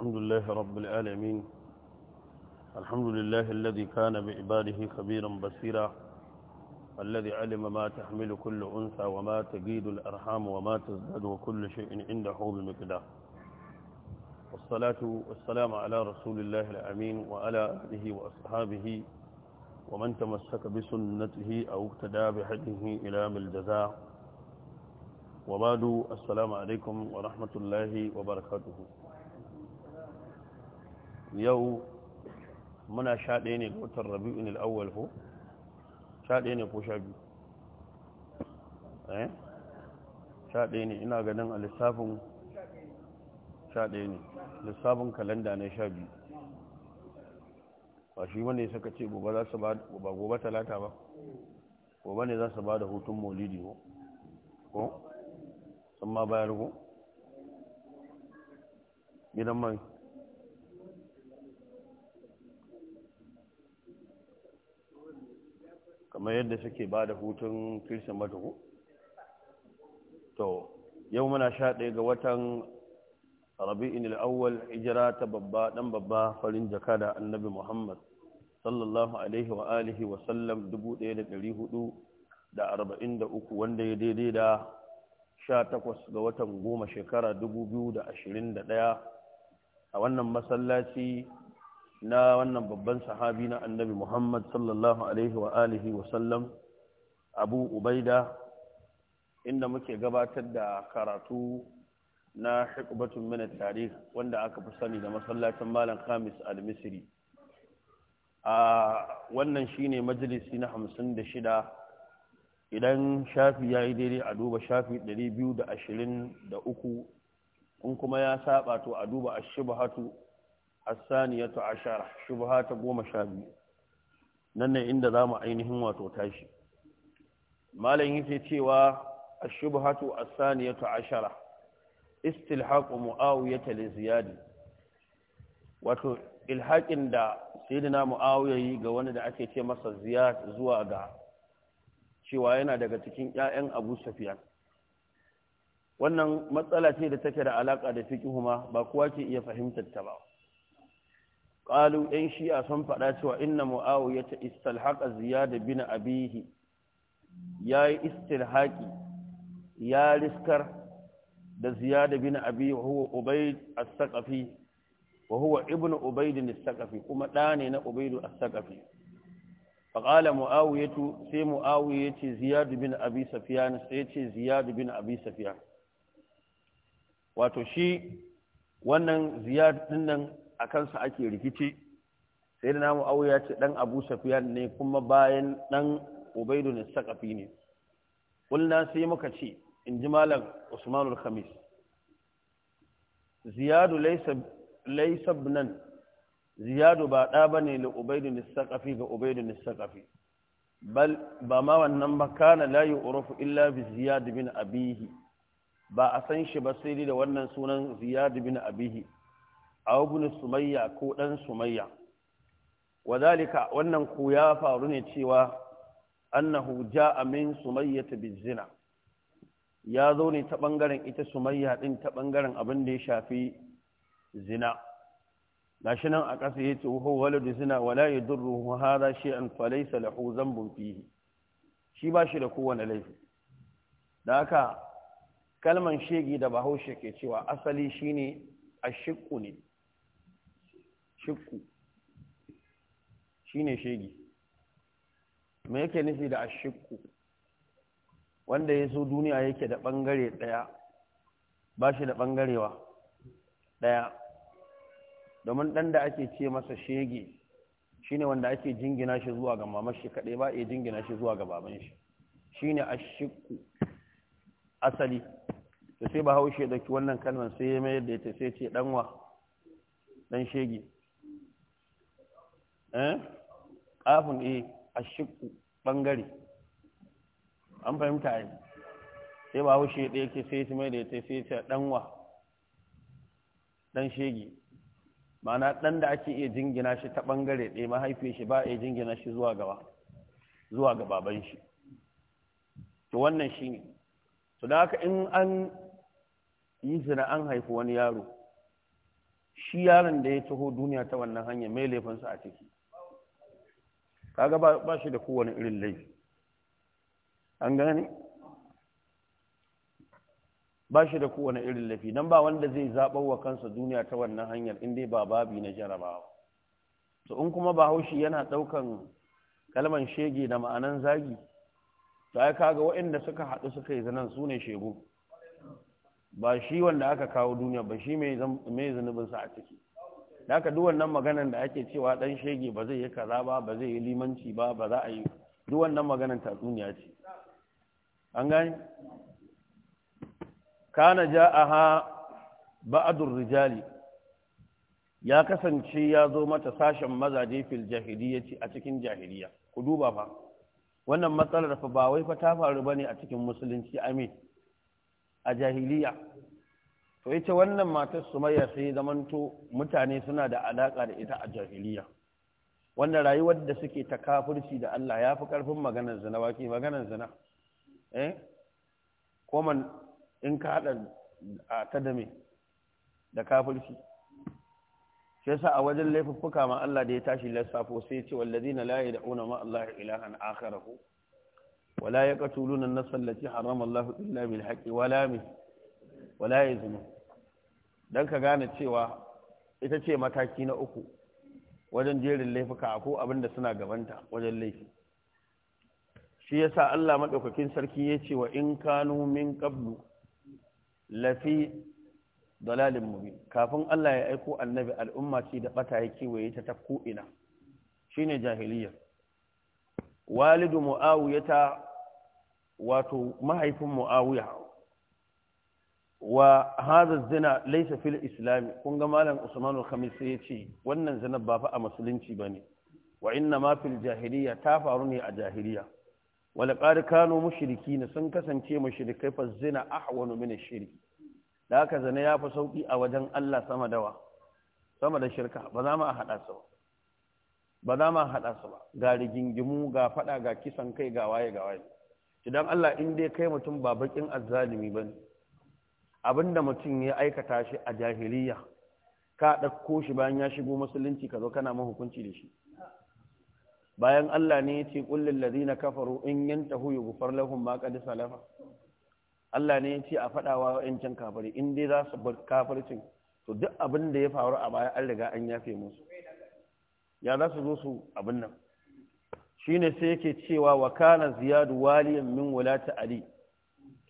الحمد لله رب العالمين الحمد لله الذي كان بعباده خبيرا بصيرا الذي علم ما تحمل كل أنثى وما تجيد الأرحام وما تزداد وكل شيء عنده بمقدار والصلاة والسلام على رسول الله الأمين وعلى آله وأصحابه ومن تمسك بسنته أو اقتدى بحده إلى الجزاء وبعد السلام عليكم ورحمة الله وبركاته yau muna sha ɗaya ne ga watan rabi'un al'awwal ko sha ɗaya ne ko sha biyu eh sha ɗaya ne ina ganin a lissafin sha ɗaya ne lissafin kalanda ne sha biyu ba shi wanda ya saka ce gobe za su ba ba gobe talata ba gobe ne za su ba da hutun maulidi ko sun ma bayar ko gidan mai kamar yadda suke ba da hutun kirsimata matuku. to yau muna sha ɗaya ga watan rabi'in al'awwal hijira ta babba ɗan babba farin jaka da annabi muhammad sallallahu alaihi wa alihi wa sallam uku wanda ya daidai da sha takwas ga watan goma shekara dubu biyu da da ashirin ɗaya a wannan masallaci na wannan babban sahabi na annabi Muhammad sallallahu Alaihi wa alihi wasallam abu ubaida inda muke gabatar da karatu na hikubatun mina tare wanda aka fi sani da masallacin malam khamis al-misri a wannan shine majalisi na hamsin da shida idan shafi ya yi daidai a duba shafi biyu da ashirin uku in kuma ya saba to a duba ashibahatu asani ya ta ashara shubu ha ta goma sha biyu nan ne inda za ainihin wato tashi malayin yi cewa a shubu ha ta asani ya ta ashara istil mu'awu ya ta leziyadi wato ilhakin da sirina mu'awu ya yi ga wani ake ce masa ziyar zuwa ga cewa yana daga cikin 'ya'yan abu safiya wannan matsala ce da take da alaƙa da fiƙi huma ba kuwa ke iya fahimtar ta ba qalu ɗan shi'a sun faɗa cewa inna muawiya ta istalhaqa ziyad bin abihi yayi istilhaqi ya riskar da ziyad bin abi huwa ubayd as-saqafi wa huwa ibnu ubayd as-saqafi kuma ɗa ne na ubayd as-saqafi فقال معاوية سي معاوية زياد بن أبي سفيان سي زياد بن أبي سفيان wato shi wannan ziyad din nan a kansa ake rikici sai da namu auya ya ce ɗan abu safiyan ne kuma bayan ɗan ubaidu ne sakafi ne ƙulna sai muka ce in ji malam usmanul khamis ziyadu laisa nan ziyadu ba ɗa ba ne da ubaidu ne sakafi ga ubaidu ne sakafi ba ma wannan ba kana layi orofu illa bi ziyadu bin abihi ba a san shi ba sai da wannan sunan ziyadu bin abihi aw sumayya ko ɗan sumayya wadalika wannan ku ya faru ne cewa annahu ja'a min sumayya bizina ya zo ne ta ɓangaren ita sumayya ɗin ta ɓangaren abin da ya shafi zina gashi nan a ƙasa yace huwa waladu zina wala yadurruhu hadha shay'an falaysa lahu dhanbun fihi shi ba shi da kowane laifi da haka kalman shegi da bahaushe ke cewa asali shine ashiqu ne shikku shine shegi me yake nufi da ashikku wanda ya so duniya yake da bangare daya ba shi da bangarewa daya domin dan da ake ce masa shege shine wanda ake jingina shi zuwa ga mamar shi kadai ba ya jingina shi zuwa ga baban shi shine ashikku asali to sai ba haushe dauki wannan kalmar sai ya mayar da ita sai ce danwa dan shege ƙafin eh? e a shiku ɓangare an fahimta yi sai ba haushe ɗaya ke sai su mai da ya sai su ɗanwa ɗan shege mana ɗan da ake iya jingina shi ta ɓangare ɗaya mahaifin shi ba a jingina shi zuwa gaba zuwa ga baban shi to wannan shi ne to da haka in an yi zina an haifi wani yaro shi yaron da ya taho duniya ta wannan hanya mai laifinsa a ciki kaga ba shi da kowane irin laifi an gane ba shi da kowane irin laifi don ba wanda zai zaɓar wa kansa duniya ta wannan hanyar in dai ba babi na jarabawa to in kuma ba haushi yana ɗaukan kalman shege da ma'anan zagi to ai kaga waɗanda suka haɗu suka yi zanen su ne shegu ba shi wanda aka kawo duniya ba shi mai zunubinsa a ciki da haka duk wannan maganan da ake cewa dan shege ba zai yi kaza ba ba zai yi limanci ba ba za a yi duk wannan maganan tatsuniya ce an gani kana ja'aha ba'dur rijali ya kasance ya zo mata sashen mazaje fil jahiliyyati a cikin jahiliya ku duba fa wannan matsalar fa ba wai fa ta faru bane a cikin musulunci amin a jahiliya to ita wannan matar sumayya sai zamanto mutane suna da alaka da ita a jahiliya wanda rayuwar da suke ta kafirci da Allah ya fi karfin maganar zina waki maganar zina eh koman in ka hada ta da me da kafirci shi yasa a wajen laifuffuka ma Allah da ya tashi lissafo sai ya ce layi la yad'una ma Allah ilahan akharahu wala yaqtuluna an-nafs allati harrama Allah illa bil haqqi wala min wala ya zunu don ka gane cewa ita ce mataki na uku wajen jerin laifuka ko abin da suna gabanta wajen laifi shi ya sa Allah maɗaukakin sarki ya ce wa in kanu min qablu lafi dalalin mubi kafin Allah ya aiko annabi al'umma ce da ɓata ya kewaye ta ta ko'ina ne jahiliya walidu mu'awiyata wato mahaifin mu'awiya wa hada zina laysa fil islam kun ga malam usman al-khamis sai yace wannan zina ba fa a musulunci bane wa inna ma fil jahiliya ta faru ne a jahiliya wala qad kanu mushrikin sun kasance mushrikai fa zina ahwanu min ash-shirk da haka zina ya fi sauki a wajen Allah sama dawa sama da shirka ba za mu hada su ba za mu hada su ba ga rigingimu ga fada ga kisan kai ga waye ga waye idan Allah in dai kai mutum ba bakin azzalimi bane abinda mutum ya aikata shi a jahiliya ka ɗakko shi bayan ya shigo musulunci ka zo kana mahukunci da shi bayan Allah ne ya ce ƙullin ladina kafaru in yantahu yughfar lahum ma qad salafa Allah ne ya ce a faɗawa 'yancin kafari in dai za su bar kafircin to duk abin da ya faru a baya an riga an yafe musu ya za su zo su abin nan shine sai yake cewa wa kana ziyadu waliyan min wulati ali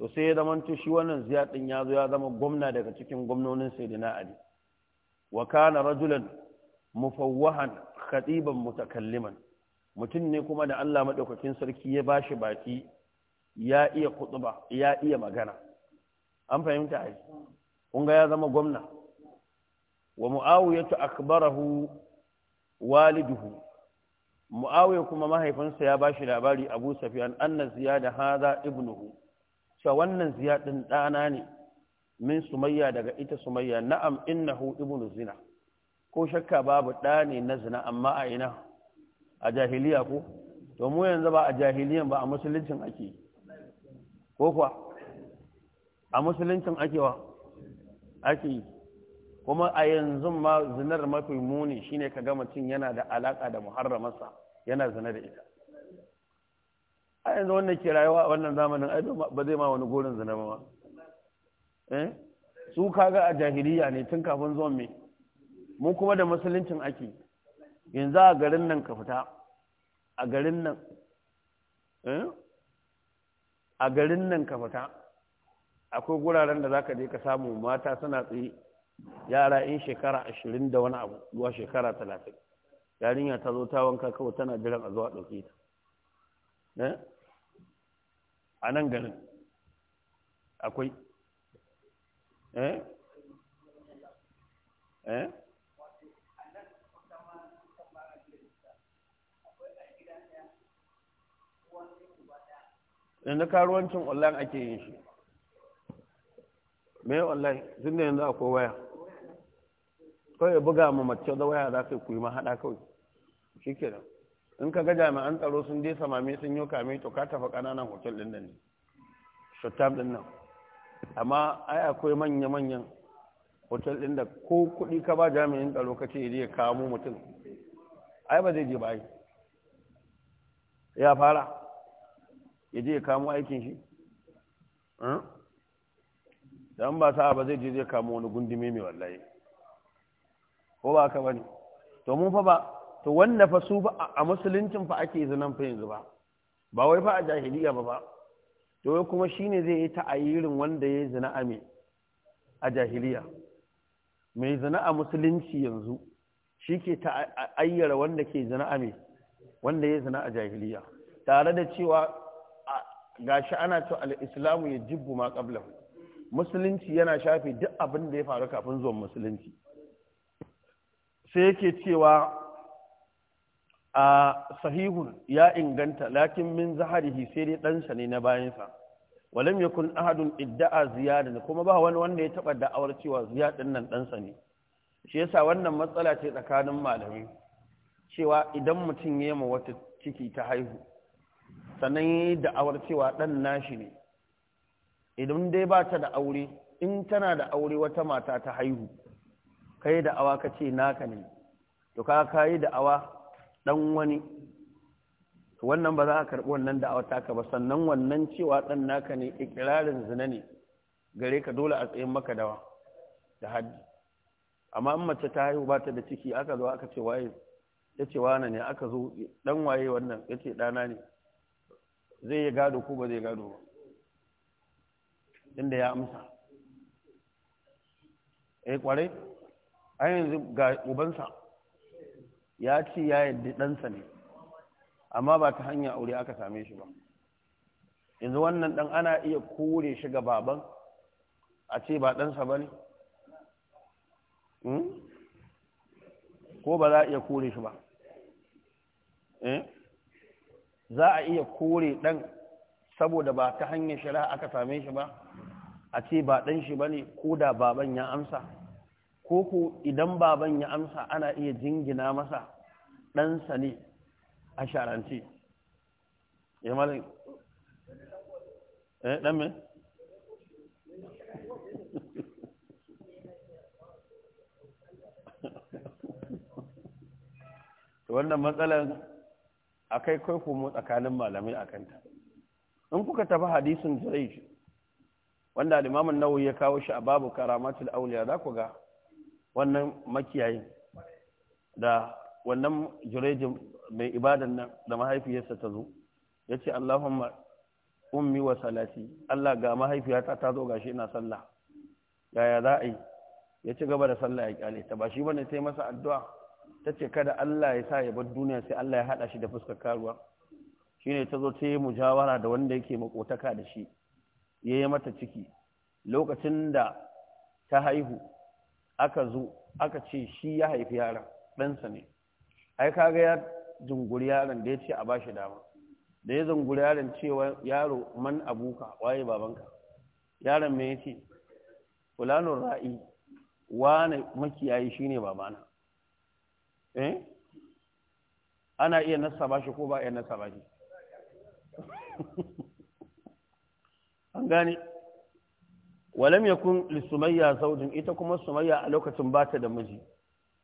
to sai ya zama shi wannan ziya din ya zo ya zama gwamna daga cikin gwamnonin sayyidina ali wa kana rajulan mufawwahan khatiban mutakalliman mutum ne kuma da Allah madaukakin sarki ya bashi baki ya iya kutuba ya iya magana an fahimta ai kun ga ya zama gwamna wa muawiyatu akbarahu waliduhu muawiya kuma mahaifinsa ya bashi labari abu safiyan anna ziyada hadha ibnuhu cewa wannan ziyadin ɗana dana ne min sumayya daga ita sumayya na'am innahu ibnu zina ko shakka babu ɗa ne na zina amma a ina a jahiliya ko to mu yanzu ba a jahiliyan ba a musuluncin ake ko kuwa a musuluncin ake wa ake yi kuma a yanzu ma zinar mafi muni shine ka ga mutum yana da alaka da muharramarsa yana zina da ita a yanzu wannan ke rayuwa a wannan zamanin ba zai ma wani gorin zina ba eh su kaga a jahiliya ne tun kafin zuwan mai? mu kuma da musuluncin ake yanzu a garin nan ka fita a garin nan eh? a garin nan ka fita akwai guraren da zaka je ka samu mata suna tsaye yara in shekara ashirin da wani abu zuwa shekara talatin yarinya ta zo ta wanka kawai tana jiran a zuwa ɗauke ta a nan garin akwai eh eh yanzu karuwancin online ake yin shi mai online tun da yanzu akwai waya kawai buga ma mace da waya za su yi kuyi haɗa kawai shi kenan in ka ga jami'an tsaro sun je samami sun yi kame to ka tafi ƙananan hotel ɗin nan ne shuttam ɗin nan amma ai akwai manya-manyan hotel ɗin da ko kuɗi ka ba jami'in tsaro ka ce ya kamo mutum ai ba zai je ba ya fara ya je ya kamo aikin shi hmm? dan ba sa ba zai je zai kamo wani gundume mai wallaye ko ba ka bane to mun fa ba to wanda fa su a musuluncin fa ake zinan fa yanzu ba ba wai fa a jahiliya ba ba to wai kuma shine zai yi ta'ayirin wanda ya zina a me a jahiliya mai zina a musulunci yanzu shi ke ayyara wanda ke zina a me wanda ya zina a jahiliya tare da cewa gashi ana to al-islamu yajibu ma qablahu musulunci yana shafe duk abin da ya faru kafin zuwan musulunci sai yake cewa a sahihun ya inganta lakin min zaharihi sai dai ɗansa ne na bayansa walam yakun ahadun idda'a ziyadan kuma ba wani wanda ya taba da'awar cewa ziyadan nan ɗansa ne shi yasa wannan matsala ce tsakanin malami cewa idan mutum ya yi wata ciki ta haihu sannan ya yi da'awar cewa ɗan nashi ne idan dai ba ta da aure in tana da aure wata mata ta haihu kai da awa ka naka ne to ka kayi da awa ɗan wani wannan ba za a karɓi wannan da'awar taka ba sannan wannan cewa ɗan naka ne ikirarin zina ne gare ka dole a tsayin maka dawa da haddi amma in mace ta haihu ba ta da ciki aka zo aka ce waye ya ce wane ne aka zo ɗan waye wannan ya ce ɗana ne zai yi gado ko ba zai gado ba inda ya amsa eh kwarai a yanzu ga ubansa ya ce ya yadda ɗansa ne amma ba ta hanyar aure aka same shi ba yanzu wannan ɗan ana iya kore shi ga baban a ce ba ɗansa ba ne hmm? ko ba za a iya kore shi ba eh? za a iya kore ɗan saboda ba ta hanyar shari'a aka same shi ba a ce ba ɗan shi ba ne ko da baban ya amsa ko idan baban ya amsa ana iya jingina masa ɗansa ne a sharance ya malin eh ɗan me? wannan matsalan akai kai tsakanin malamai a kanta in kuka tafi hadisin jiraij wanda limamin nawawi ya kawo shi a babu karamatul auliya za ku ga wannan makiyayin da wannan jirejin mai ibadan nan da mahaifiyarsa ta zo ya ce Allahumma ummi wa salati Allah ga mahaifiyata ta zo gashi ina sallah yaya za a yi ya ci gaba da sallah ya kyale ta ba shi bane ta yi masa addu'a ta ce kada Allah ya sa ya bar duniya sai Allah ya haɗa shi da fuskar karuwa shine ta zo ta yi mujawara da wanda yake makotaka da shi ya yi mata ciki lokacin da ta haihu aka zo aka ce shi ya haifi yaron ɗansa ne ai ga ya zunguri yaron da ya ce a bashi dama da ya zunguri yaron cewa yaro man abuka waye babanka yaron me yace fulanun ra'i wane makiyayi shine babana eh ana iya nasa ba ko ba iya nasa ba an gane walam yakun li sumayya zawjin ita kuma sumayya a lokacin bata da miji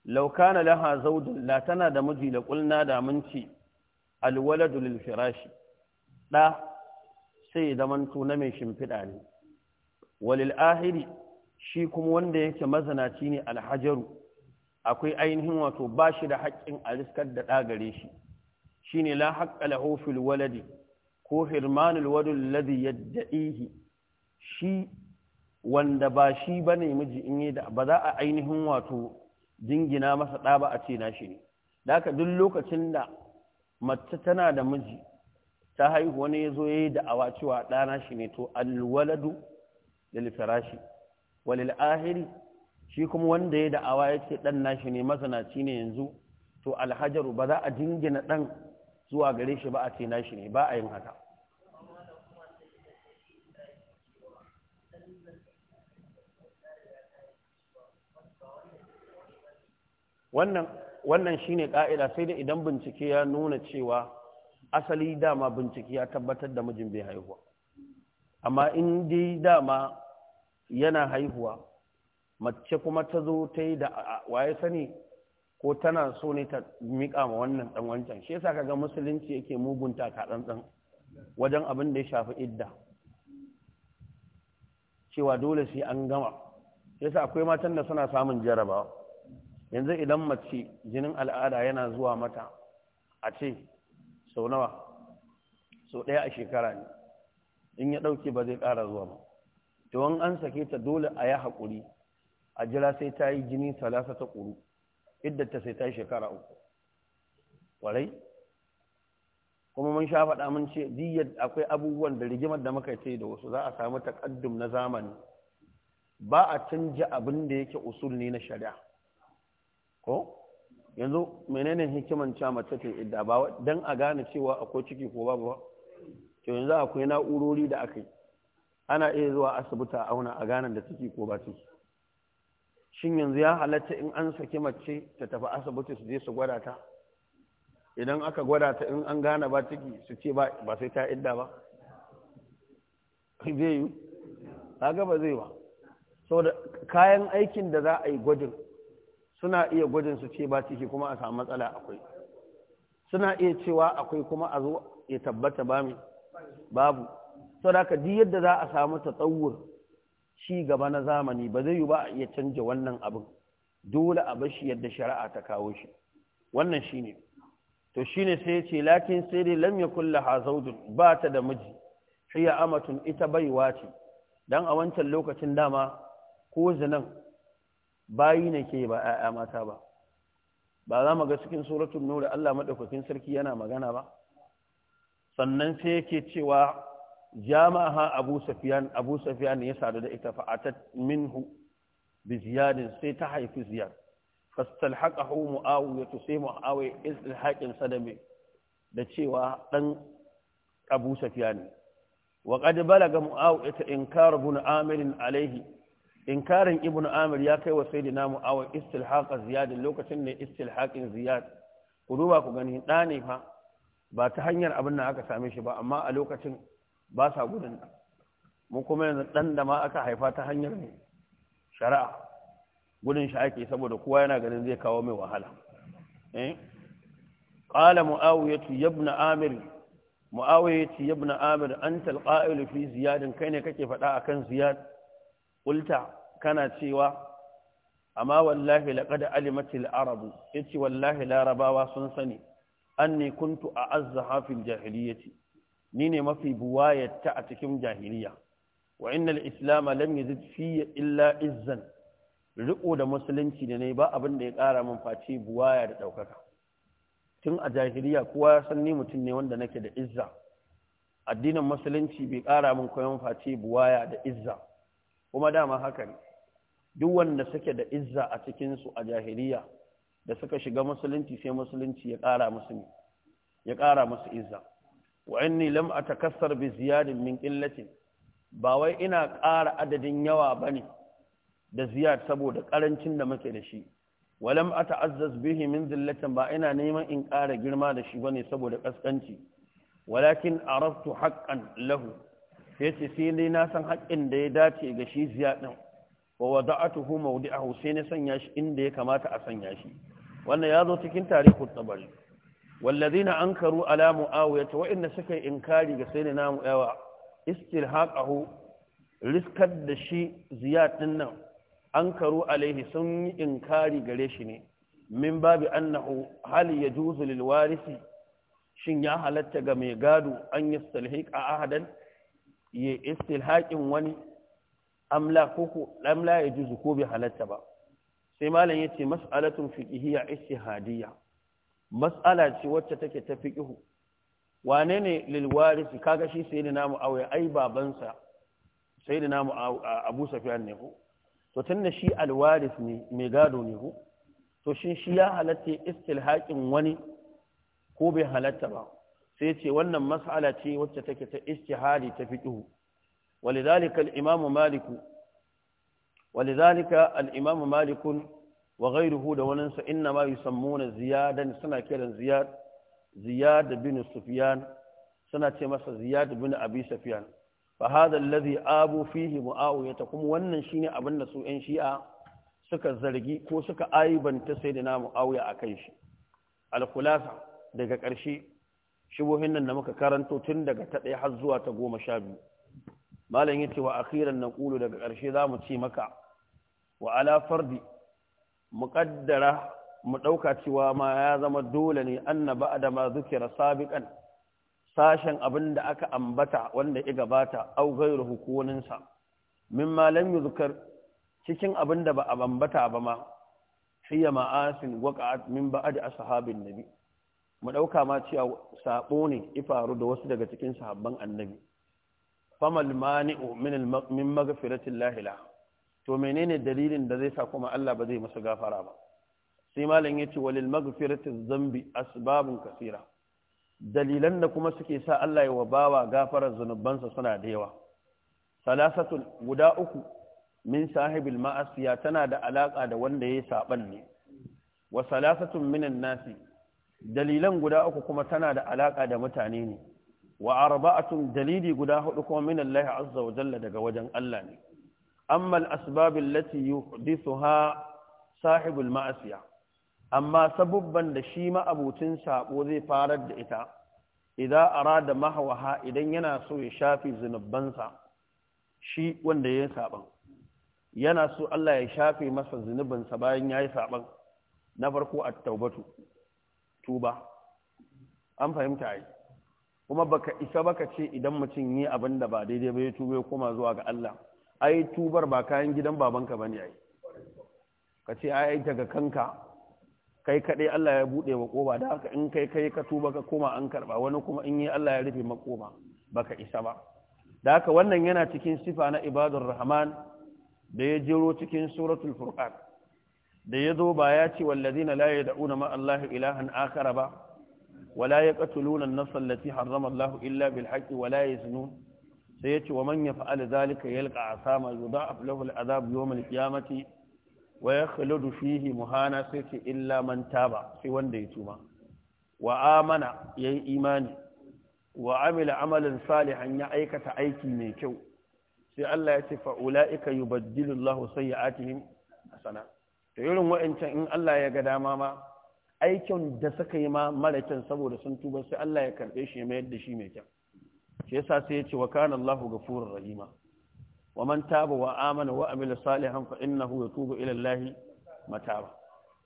law kana laha zawjin la tana da miji da mun ci al waladu firashi da sai zaman to na mai shimfiɗa ne walil ahiri shi kuma wanda yake mazanaci ne Alhajaru, akwai ainihin wato bashi da haƙƙin a riskar da ɗa gare shi shine la haqqa lahu fil waladi ko hirmanul wadul ladhi yad'ihi shi wanda ba shi ba ne miji in yi da ba za a ainihin wato jingina masa ɗa ba a ce na shi ne da haka duk lokacin da mace tana da miji ta haihu wani ya zo ya yi da'awa cewa na shi ne to alwaladu da firashi walil ahiri shi kuma wanda ya da'awa ya ce ɗan nashi ne mazanaci ne yanzu to alhajaru ba za a jingina ɗan zuwa gare shi ba a ce nashi ne ba a yin haka wannan shine ka'ida sai da idan bincike ya nuna cewa asali dama bincike ya tabbatar da mijin bai haihuwa amma in dai dama yana haihuwa mace kuma ta zo ta yi da waye sani ko tana so ne ta miƙa ma wannan ɗan wancan shi yasa kaga musulunci yake mugunta ka ɗan wajen abin da ya shafi idda cewa dole sai an gama yasa akwai matan da suna samun jarabawa yanzu idan mace jinin al'ada yana zuwa mata a ce sau nawa sau ɗaya a shekara ne in ya ɗauke ba zai ƙara zuwa ba to an an sake ta dole a yi haƙuri a jira sai ta yi jini salasa ta ƙuru iddata sai ta yi shekara uku ƙwarai kuma mun sha faɗa mun ce diyyar akwai abubuwan da rigimar da muka ce da wasu za a samu taƙaddum na zamani ba a canja abin da yake usul ne na shari'a ko yanzu menene hikiman cewa mace ta idda ba dan a gane cewa akwai ciki ko babu to yanzu akwai na'urori da aka yi ana iya zuwa asibiti a auna a gane da ciki ko ba ciki shin yanzu ya halatta in an saki mace ta tafi asibiti su je su gwada ta idan aka gwada ta in an gane ba ciki su ce ba sai ta idda ba zai yi ba zai ba saboda kayan aikin da za a yi gwajin suna iya gwajin su ce ba ciki kuma a samu matsala akwai suna iya cewa akwai kuma a zo ya tabbata ba mai babu sau da ka yadda za a samu tsawon ci gaba na zamani ba zai yi ba a iya canja wannan abin dole a bashi yadda shari'a ta kawo shi wannan shi ne to shi ne sai ce lakin sai dai lam ya kulla hazaudun ba ta da miji hiya amatun ita baiwa ce don a wancan lokacin dama ko zinan bayi ne ke ba ‘ya'ya mata ba ba za mu ga cikin suratun nura Allah maɗaukakin sarki yana magana ba sannan sai yake cewa jama'a abu safiyan abu safiyan ya sadu da ita fa'atat minhu bi ziyadin sai ta haifi ziyad fastalhaqahu mu'awiyatu sai mu'awiya ilhaqin sadame da cewa ɗan abu safiyan wa qad balaga mu'awiyata inkara Buna amirin alaihi inkarin ibnu amir ya kai wa saidina awa istilhaqa ziyad lokacin ne istilhaqin ziyad ku duba ku gani da ne fa ba ta hanyar abin nan aka same shi ba amma a lokacin ba sa gudun mu kuma yanzu dan da ma aka haifa ta hanyar shari'a gudun shi ake saboda kowa yana ganin zai kawo mai wahala eh qala mu'awiyatu amir mu'awiyatu ibn amir anta fi ziyad kai ne kake faɗa akan ziyad ulta kana cewa amma wallahi laqad alimatil arabu yace wallahi larabawa sun sani anni kuntu a'azza hafil jahiliyyati ni ne mafi buwayata a cikin jahiliya wa innal islam lam yazid fi illa izzan riko da musulunci da ne ba abin da ya kara min face buwaya da daukaka tun a jahiliya kowa ya san ni mutum ne wanda nake da izza addinin musulunci bai kara min koyon face buwaya da izza kuma dama haka ne duk wanda suke da izza a cikinsu a jahiliya da suka shiga musulunci sai musulunci ya ƙara musu ya ƙara musu izza wa inni lam atakassar bi ziyadin min qillatin ba wai ina ƙara adadin yawa bane da ziyad saboda ƙarancin da muke da shi wa lam ata'azzaz bihi min zillatin ba ina neman in ƙara girma da shi bane saboda kaskanci walakin araftu haqqan lahu yace sai dai na san haƙƙin da ya dace ga shi ziyadin wa wada'atuhu mawdi'ahu sai na sanya shi inda ya kamata a sanya shi wannan ya zo cikin tarihi tabari wallazina ankaru ala muawiya wa inna suka yi inkari ga sayyidina muawiya istilhaqahu riskar da shi ziyad din nan ankaru alaihi sun yi inkari gare shi ne min babi annahu hal yajuzu lil warisi shin ya halatta ga mai gado an yi istilhaqa ahadan ya istilhaqin wani amla koko amla ya juzu ko bai halatta ba sai malam yace mas'alatun fiqhiyya istihadiyya mas'ala ce wacce take ta fiqhu wane ne lil warisi kaga shi sai na mu aure ai babansa sai da namu Abu Sufyan ne ko to tunda shi al waris ne mai gado ne ko to shin shi ya halatta istilhaqin wani ko bai halatta ba sai ce wannan mas'ala ce wacce take ta istihadi ta fiqhu ولذلك الإمام مالك ولذلك الإمام مالك وغيره دوننس إنما يسمون زيادا سنة كيرا زياد زياد بن سفيان سنة مس زياد بن أبي سفيان فهذا الذي آبوا فيه معاوية تقوم وننشين أبن سوء شيئا سكا الزلقي كو سكا آيبا تسيدنا da namu auya a kan shi alkulasa daga ƙarshe shubuhin nan da muka karanto tun malam yace wa akhiran Kulu daga ƙarshe za mu ce maka wa ala fardi muqaddara mu ɗauka cewa ma ya zama dole ne anna ba'da ma zukira sabiqan sashen abinda aka ambata wanda ya gabata au gairu min mimma lam yuzkar cikin abin ba a ambata ba ma hiya ma'asin waqa'at min ba'di ashabin nabi mu dauka ma cewa sabo ne faru da wasu daga cikin sahabban annabi famal mani'u min magfiratin lahila to menene dalilin da zai sa kuma Allah ba zai masa gafara ba sai malam yace walil magfiratiz zambi asbabun kasira dalilan da kuma suke sa Allah ya wabawa gafarar zunubansa suna da yawa salasatun guda uku min sahibil ma'asiya tana da alaka da wanda yayi saban ne wa salasatun minan nasi dalilan guda uku kuma tana da alaka da mutane ne wa arba'atun dalili guda hudu kuma min Allah azza wa jalla daga wajen Allah ne amma al-asbab allati yuhdithuha sahibul ma'asiya amma sabubban da shi ma'abucin sabo zai farar da ita idan arada mahwaha idan yana so ya shafi zunubansa shi wanda ya saban yana so Allah ya shafe masa zunubinsa bayan ya yi saban na farko at-taubatu tuba an fahimta ai kuma baka isa baka ce idan mutum yi abin da ba daidai ba ya tuba ya koma zuwa ga Allah ai tubar ba kayan gidan babanka ba ne ai ka ce ai daga kanka kai kaɗai Allah ya buɗe wa ƙoba da haka in kai kai ka tuba ka koma an karɓa wani kuma in yi Allah ya rufe makoma baka isa ba da haka wannan yana cikin sifa na ibadur rahman da ya jero cikin suratul furqan da ya zo ba ya ce wallazina la yad'una ma'allahi ma'allahu ilahan akhar ba wala yaqtuluna an-nafs allati harrama lahu illa bil haqqi wala yaznun sai yace wa man yaf'al dhalika yalqa asama yudha'af lahu al-adhab yawm al-qiyamati wa yakhludu fihi muhana sai ce illa man taba sai wanda ya tuba wa amana yayi imani wa amila amalan salihan ya aikata aiki mai kyau sai Allah ya ce fa'ula'ika yi baddilullahu sai ya atihim a sana. Da irin waɗancan in Allah ya ga dama ma, aikin da suka yi ma mara kyan saboda sun tuba sai Allah ya karɓe shi mai yadda shi mai kyan shi yasa sai ya ce wa kana ga ghafurur rahima wa man taba wa amana wa amila salihan fa innahu yatubu ila Allah mataba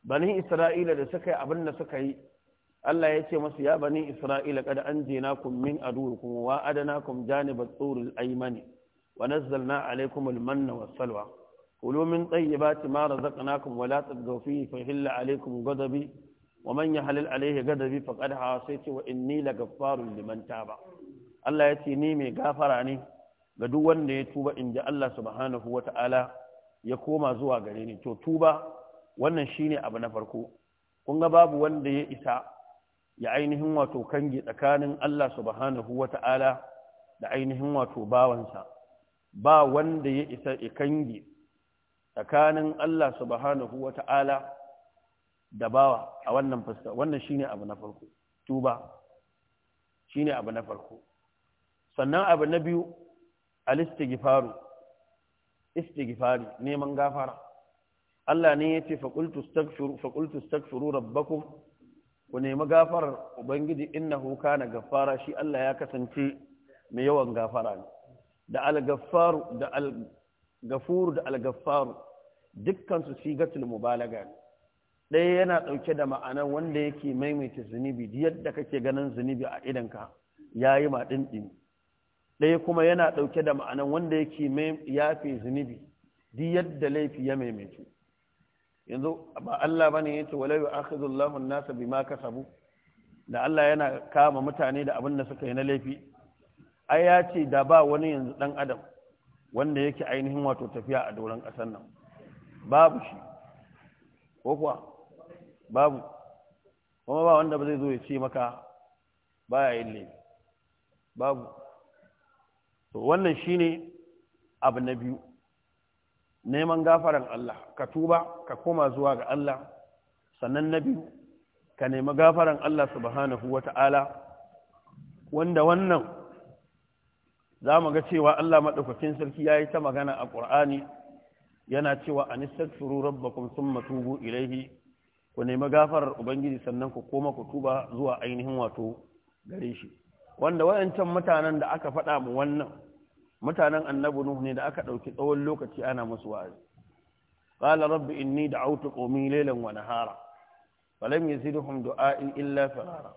bani Isra'ila da suka yi abin da suka yi Allah ya ce masu ya bani Isra'ila kada an jina min adurukum wa adanakum janibat tsuril aymani wa nazzalna alaykum al-manna was-salwa kulu min tayyibati ma razaqnakum wa la tadghaw fihi fa hilla alaykum ghadabi wa man halil alaihi gadabi faqad hawa sai ce wa inni lagaffarun liman taba Allah ya ce ni mai gafara ne ga duk wanda ya tuba in ji Allah subhanahu wata'ala ya koma zuwa gare ni to tuba wannan shine abu na farko kun ga babu wanda ya isa ya ainihin wato kange tsakanin Allah subhanahu wata'ala da ainihin wato bawansa ba wanda ya isa ya kange tsakanin Allah subhanahu ta'ala da bawa a wannan fuska wannan shine abu na farko tuba shine abu na farko sannan abu na biyu al-istighfaru istighfari neman gafara Allah ne yace fa qultu astaghfiru fa qultu astaghfiru rabbakum ku nemi gafarar ubangiji innahu kana gaffara shi Allah ya kasance mai yawan gafara ne da al-gaffaru da al da al-gaffaru dukkan su sigatul mubalaga ne ɗaya yana ɗauke da ma'anar wanda yake maimaita zunubi yadda kake ganin zunubi a idanka ya yi maɗin ɗaya kuma yana ɗauke da ma'anar wanda yake yafe zunubi di yadda laifi ya maimaitu yanzu ba Allah ba ne ya ce walau akhidullahu an-nasa bima kasabu da Allah yana kama mutane da abin da suka yi na laifi ai ya ce da ba wani yanzu ɗan adam wanda yake ainihin wato tafiya a doron ƙasar nan babu shi ko kuwa babu kuma ba wanda ba zai zo ya ce maka ba ya yin laifi babu to wannan ne abu na biyu neman gafaran Allah ka tuba ka koma zuwa ga Allah sannan na biyu ka nemi gafaran Allah subhanahu ta'ala. wanda wannan za mu ga cewa Allah maɗaukakin sarki ya yi ta magana a ƙur'ani yana cewa a nistaghfiru rabbakum sun tubu ilaihi ku nemi gafarar ubangiji sannan ku koma ku tuba zuwa ainihin wato gare shi wanda wayancan mutanen da aka faɗa mu wannan mutanen annabi nuhu ne da aka ɗauki tsawon lokaci ana musu wa'azi qala rabbi inni da'awtu qawmi laylan wa nahara fa lam yazidhum du'a'i illa farara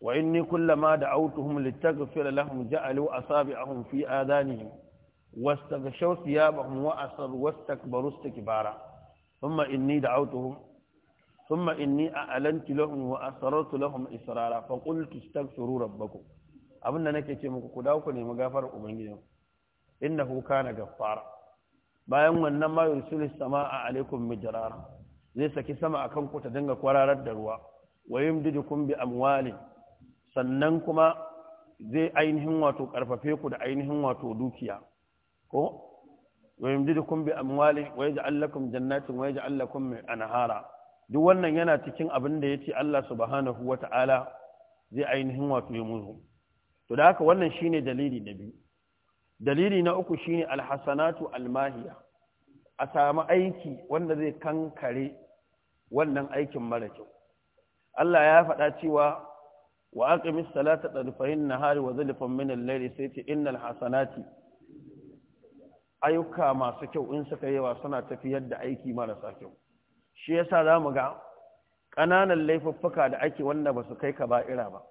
wa inni kullama da'awtuhum litaghfir lahum ja'alu asabi'ahum fi adanihim واستغشوا ثيابهم وأصروا واستكبروا استكبارا ثم إني دعوتهم ثم إني أعلنت لهم وأسررت لهم إسرارا فقلت استغفروا ربكم abin da nake ce muku ku ku nemi gafarar ubangijin innahu kana gaffara bayan wannan ma yursilu a alaikum mijrara zai saki sama akan ku ta dinga kwararar da ruwa wa yumdidukum bi amwali sannan kuma zai ainihin wato karfafe da ainihin wato dukiya ko wa yumdidukum bi amwali wa yaj'al lakum jannatin wa yaj'al lakum anhara duk wannan yana cikin abin da ya ce Allah subhanahu wa ta'ala zai ainihin wato ya muzu to da haka wannan shine dalili na biyu dalili na uku shine alhassanatu almahiya a samu aiki wanda zai kankare wannan aikin mara kyau Allah ya faɗa cewa wa ta salata tarfahin hari wa zulfan min al sai ce innal hasanati ayyuka masu kyau in suka yawa suna tafiyar da aiki marasa kyau shi yasa za mu ga ƙananan laifuffuka da ake wanda ba su kai kaba'ira ba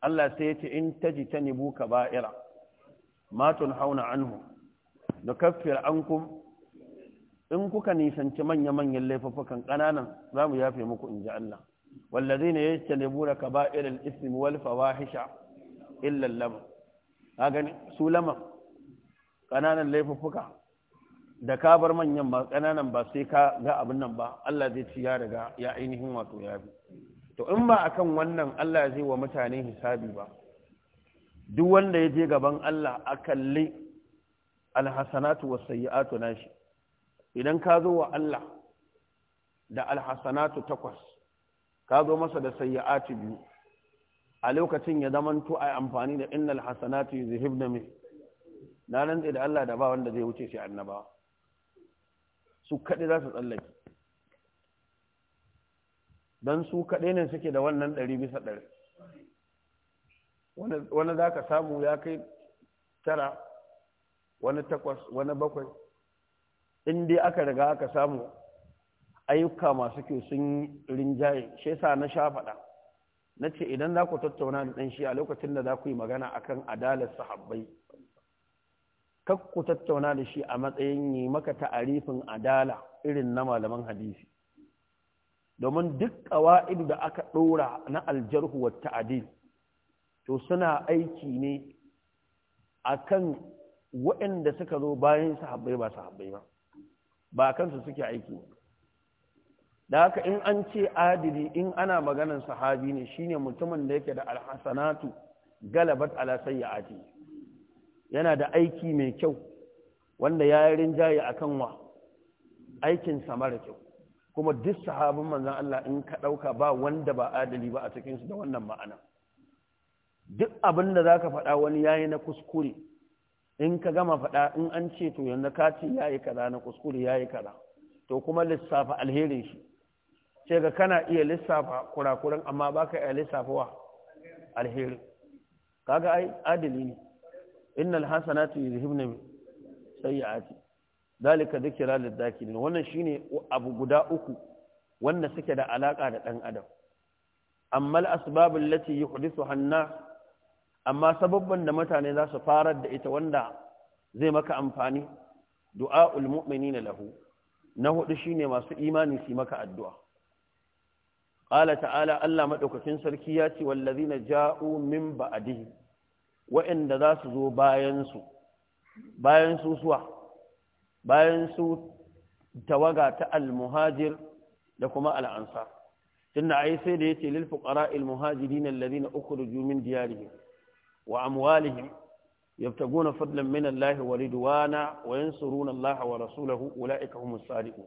Allah sai ya ce in tajtanibu kaba'ira Matun hauna anhu an ku. in kuka nisanci manya-manyan laifuffukan ƙananan za mu yafe muku in ji Allah wallazi ne ya ce ne bura ka ba'irar isim Walfa Wahisha? illan lama a gani su lama ƙananan laifuffuka da ka bar manyan ba ƙananan ba sai ka ga abin nan ba Allah zai ci ya riga ya ainihin wato ya bi to in ba akan wannan Allah zai wa mutane hisabi ba duk wanda ya je gaban Allah a kalli alhasanatu wa sayyi'atu nashi idan ka zo wa Allah da alhasanatu takwas ka zo masa da sayyi'atu biyu a lokacin ya zamanto a amfani da innal hasanatu yuzhibna min na nan da Allah da ba wanda zai wuce shi annabawa. su kaɗai za su tsallake don su kaɗai ne suke da wannan ɗari bisa ɗari wani za ka samu ya kai tara wani takwas wani bakwai in dai aka riga aka samu ayyuka masu ke sun rinjaye shi sa na sha faɗa na ce idan za ku tattauna da ɗan shi a lokacin da za ku yi magana akan adalar sahabbai kakku tattauna da shi a matsayin yi maka ta'arifin adala irin na malaman hadisi domin duk ƙawa'idu da aka ɗora na aljarhu wa ta'adil to suna aiki ne akan waɗanda suka zo bayan sahabbai ba sahabbai ba ba kansu suke aiki ne da haka in an ce adili in ana maganan sahabi ne shine mutumin da yake da alhasanatu galabat ala sayyi'ati yana da aiki mai kyau wanda ya yi rinjaye a kan wa aikinsa mara kyau kuma duk sahabin manzan Allah in ka ɗauka ba wanda ba adali ba a cikinsu da wannan ma'ana duk abin da za ka faɗa wani yi na kuskure in ka gama faɗa in an ce to yanzu ka ce yi kaza na kuskure ya yi kaza to kuma lissafa alherin shi ce ga kana iya lissafa kurakuran amma baka iya lissafa wa alherin kaga ai adali ne innal hasanatu yuzhibna sayyi'ati zalika dhikra lidh wannan shine abu guda uku wanda suke da alaka da dan adam amma al-asbab allati yuhdithuha an-nas amma sababban da mutane za su farar da ita wanda zai maka amfani du'a'ul mu'minina lahu na hudu shine masu imani su maka addu'a qala ta'ala Allah madaukakin sarki ya ce wallazina ja'u min ba'dihi wa'anda za su zo bayansu bayan su suwa bayan su tawaga ta almuhajir da kuma al'ansa. tunda ayi sai da yace lil fuqara al muhajirin alladhina ukhrijoo min diyarihim wa amwalihim yabtaguna fadlan min Allah wa ridwana wa yansuruna Allah wa rasulahu ulaika humus sadiqun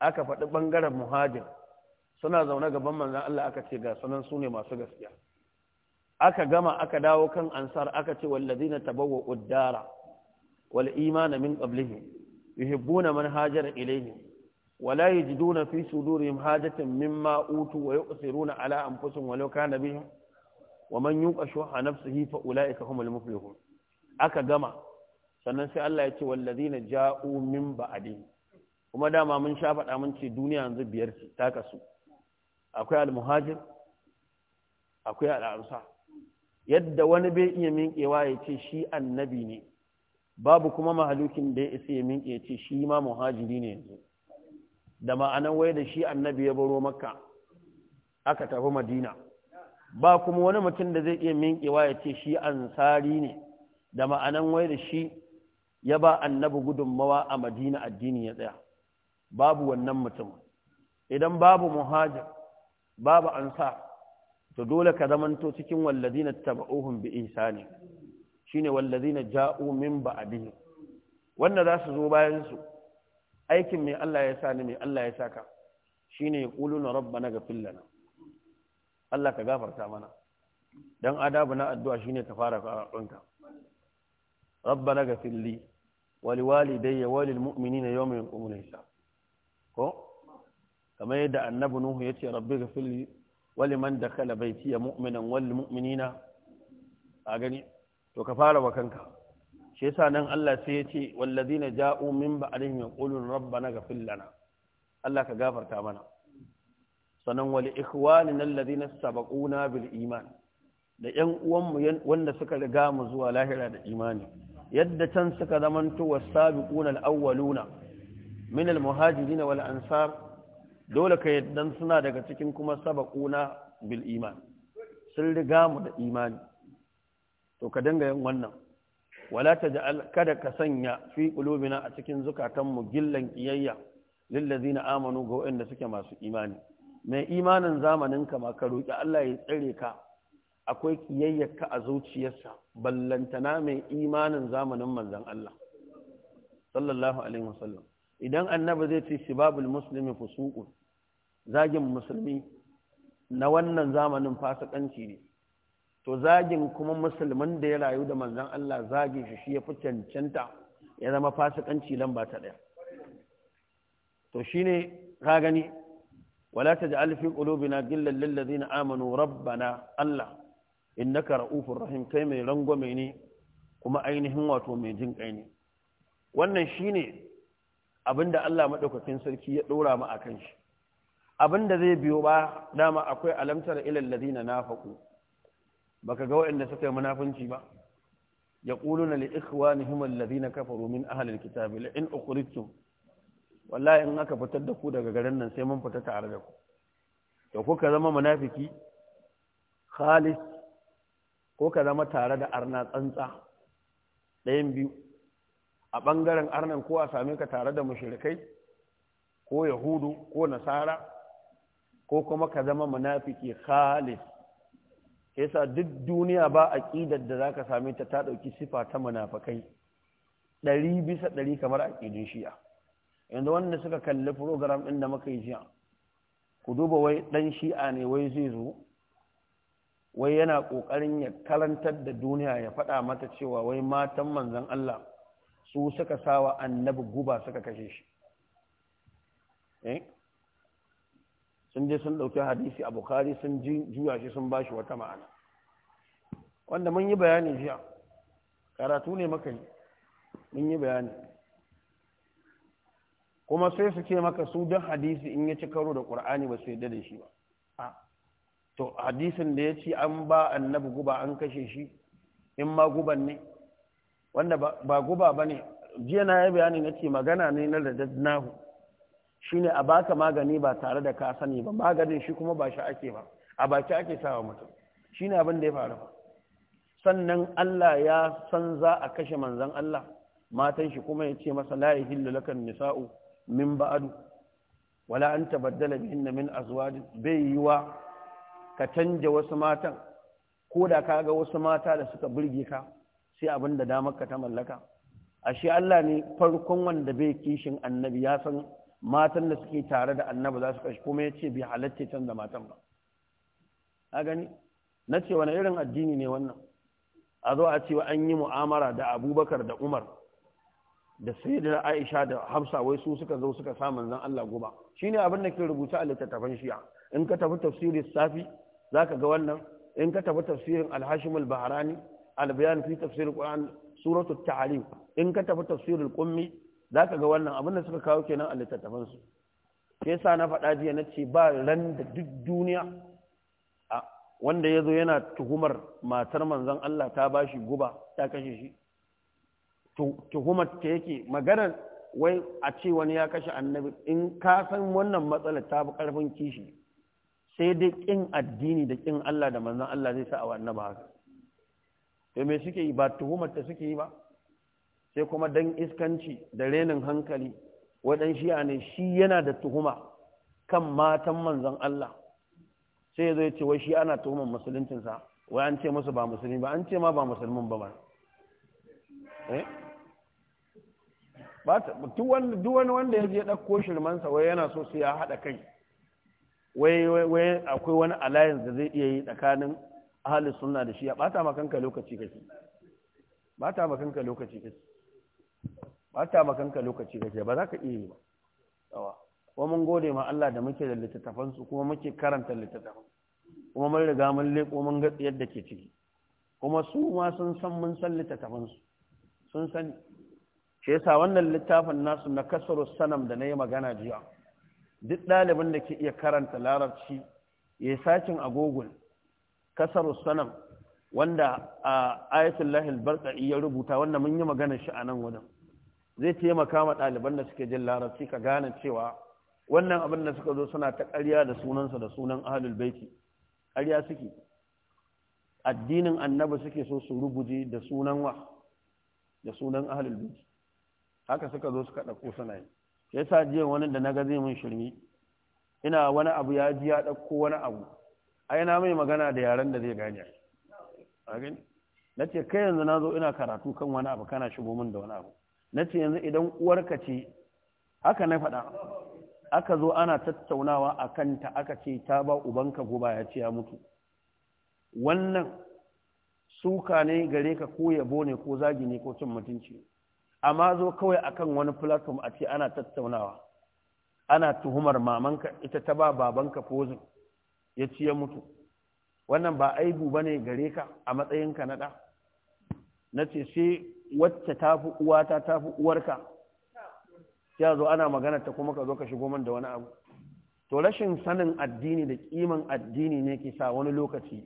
aka faɗi ɓangaren muhajir suna zaune gaban manzan Allah aka ce ga sunan sune masu gaskiya aka gama aka dawo kan ansar aka ce wallazina tabawwa'u ad-dara wal imana min qablihim yuhibbuna man hajara ilayhim ولا يجدون في صدورهم حاجة مما أوتوا ويؤثرون على أنفسهم ولو كان بهم ومن يوق شح ula'i ka هم المفلحون aka gama sannan sai Allah ya ce wallazina ja'u min ba'di kuma dama mun sha faɗa mun ce duniya yanzu biyar ce ta kasu akwai al-muhajir akwai al-ansar yadda wani bai iya minkewa ya ce shi annabi ne babu kuma mahalukin da ya isa ya minke ya ce shi ma muhajiri ne yanzu da ma'anan wai da shi annabi ya baro makka aka tafi madina ba kuma wani mutum da zai iya minkewa ya ce shi ansari ne da ma'anan wai da shi ya ba annabi gudunmawa a madina addini ya tsaya babu wannan mutum idan babu muhajir babu ansar to dole ka zamanto cikin wallazina taba'uhum bi ihsani shine wallazina ja'u min ba'dihi wanda za su zo bayan su aikin mai Allah ya sa ni mai Allah ya saka shine yaquluna rabbana ghfir lana Allah ka gafarta mana dan adabu na addu'a shine ta fara karanka rabbana ghfir li wa liwalidayya wa lilmu'minina yawma yaqumul hisab ko kamar yadda annabi nuhu yace rabbi ghfir li wali man da kala bai fiye mu'minan wali mu'minina a gani to ka fara wa kanka shi yasa nan Allah sai ya ce wallazina ja'u min ba'dihim yaqulun rabbana ghfir lana Allah ka gafarta mana sanan wali na allazina sabaquna bil iman da ƴan uwanmu wanda suka riga mu zuwa lahira da imani yadda can suka zamanto wasabiquna al-awwaluna min al-muhajirin wal ansar dole ka yaddan suna daga cikin kuma sabaquna bil iman sun riga mu da imani to ka dinga yin wannan wala ta ja'al kada ka sanya fi qulubina a cikin zukatanmu gillan kiyayya lil ladina amanu ga wanda suke masu imani mai imanin zamanin ka ma ka roki Allah ya tsare ka akwai ka a zuciyarsa ballantana mai imanin zamanin manzon Allah sallallahu alaihi wasallam idan annabi zai ce shibabul muslimi fusuqun zagin musulmi na wannan zamanin fasikanci ne to zagin kuma musulmin da ya rayu da manzon Allah zagi shi shi ya fi cancanta ya zama fasikanci lamba ta daya to shine ka gani wala taj'al fi qulubina ghillan lil ladina amanu rabbana Allah innaka ra'ufur rahim kai mai rangwame ne kuma ainihin wato mai jin kai ne wannan shine abinda Allah maɗaukakin sarki ya ɗora mu akan shi Abin da zai biyo ba dama akwai alamtar ilal ladina nafaqu baka ga waɗanda suka yi munafunci ba yaquluna li ikhwanihim alladhina kafaru min ahli alkitabi la in ukhrijtum wallahi in aka fitar da ku daga garin nan sai mun fita tare da ku to kuka zama munafiki khalis ko ka zama tare da arna tsantsa ɗayan biyu a ɓangaren arnan ko a same ka tare da mushirikai ko yahudu ko nasara ko kuma ka zama munafiki khalis yasa duk duniya ba a ƙidar da za ka same ta ta ɗauki sifa ta munafakai? Ɗari, bisa ɗari kamar a ƙidin shi'a yanzu wanda suka kalli program ɗin da muka yi jiya ku duba wai ɗan shi'a ne wai zai zo wai yana ƙoƙarin ya karantar da duniya ya faɗa mata cewa wai matan manzan Allah su suka sawa annabi guba suka kashe shi eh? sun je sun ɗauki hadisi a bukari sun juya shi sun bashi wata ma'ana wanda mun yi bayani jiya karatu ne maka yi mun yi bayani kuma sai su ce maka su don hadisi in ya ci karo da ƙur'ani ba su yadda da shi ba to hadisin da ya ci an ba annabi guba an kashe shi in ma guban ne wanda ba guba ba ne jiya na ya bayani na ce magana ne na da radadnahu shi ne a baka magani ba tare da ka sani ba maganin shi kuma ba shi ake ba a baki ake sawa mutum shi ne abin da ya faru ba sannan Allah ya san za a kashe manzan Allah matan shi kuma ya ce masa la yahillu lakan nisa'u min ba'adu wala an tabaddala na min azwaj bai wa ka canja wasu matan ko da ka ga wasu mata da suka burge ka sai abin da ka ta mallaka ashe Allah ne farkon wanda bai kishin annabi ya san matan da suke tare da annabi za su kashi kuma ya ce bai halatta canza matan ba a gani na ce wani irin addini ne wannan a zo a ce an yi mu'amara da abubakar da umar da sai da aisha da hafsa wai su suka zo suka sa zan Allah goba shine abin da ke rubuta a littattafan shi'a in ka tafi tafsirin safi za ka ga wannan in ka tafi tafsirin alhashimul baharani. bahrani albayan fi tafsir alquran suratu at-ta'lim in ka tafi tafsir alqummi zaka ga wannan abin da suka kawo kenan a littattafan su sai sa na faɗa jiya na ce ba ran da duk duniya wanda ya zo yana tuhumar matar manzon Allah ta bashi guba ta kashe shi tuhumar ta yake maganar wai a ce wani ya kashe annabi in ka san wannan matsalar ta fi karfin kishi sai dai ƙin addini da ƙin Allah da manzon Allah zai sa a ba haka to me suke yi ba tuhumar ta suke yi ba sai kuma dan iskanci da renin hankali wadan shi ne shi yana da tuhuma kan matan manzon Allah sai ya zo ya ce wai shi ana tuhumar musuluncinsa wai an ce musu ba musulmi ba an ce ma ba musulmin ba eh? ba duk wani wanda ya je ɗauko shirmansa wai yana so su ya haɗa kai wai akwai wani alliance da zai iya yi tsakanin Ahalis suna da shi ya ɓata makanka lokaci kake ɓata makanka lokaci kake ɓata makanka lokaci kake ba za ka iya yi ba tsawa kuma mun gode ma Allah da muke da littattafansu kuma muke karanta littattafan kuma mun riga mun leƙo mun ga yadda ke ciki kuma su ma sun san mun san littattafansu sun sani shi yasa wannan littafin nasu na kasaru sanam da na yi magana jiya duk ɗalibin da ke iya karanta larabci ya yi sacin a google kasar sanam wanda a lahil albarqai ya rubuta wanda mun yi magana shi a nan wajen zai taimaka ma ɗaliban da suke jin larabci ka gane cewa wannan abin da suka zo suna ta ƙarya da sunansa da sunan ahlul baiti ƙarya suke addinin annabi suke so su rubuje da sunan wa da sunan ahlul baiti haka suka zo suka ɗauko suna yi yasa jiya wani da na ga zai mun shirmi ina wani abu ya ji ya ɗauko wani abu ai na mai magana da yaren da zai gane gani na ce kai yanzu na zo ina karatu kan wani abu kana shigo min da wani abu na ce yanzu idan uwarka ce haka na faɗa aka zo ana tattaunawa a kanta aka ce ta ba ubanka guba ya ce ya mutu wannan suka ne gare ka ko yabo ne ko zagi ne ko cin mutunci amma zo kawai akan wani platform a ce ana tattaunawa ana tuhumar mamanka ita ta ba babanka pozin ya ci ya mutu wannan ba aibu ba ne gare ka a matsayinka na ɗa na ce sai wacce ta fi uwata ta fi uwarka ya zo ana magana ta kuma ka zo ka shigo man da wani abu to rashin sanin addini da kiman addini ne ke sa wani lokaci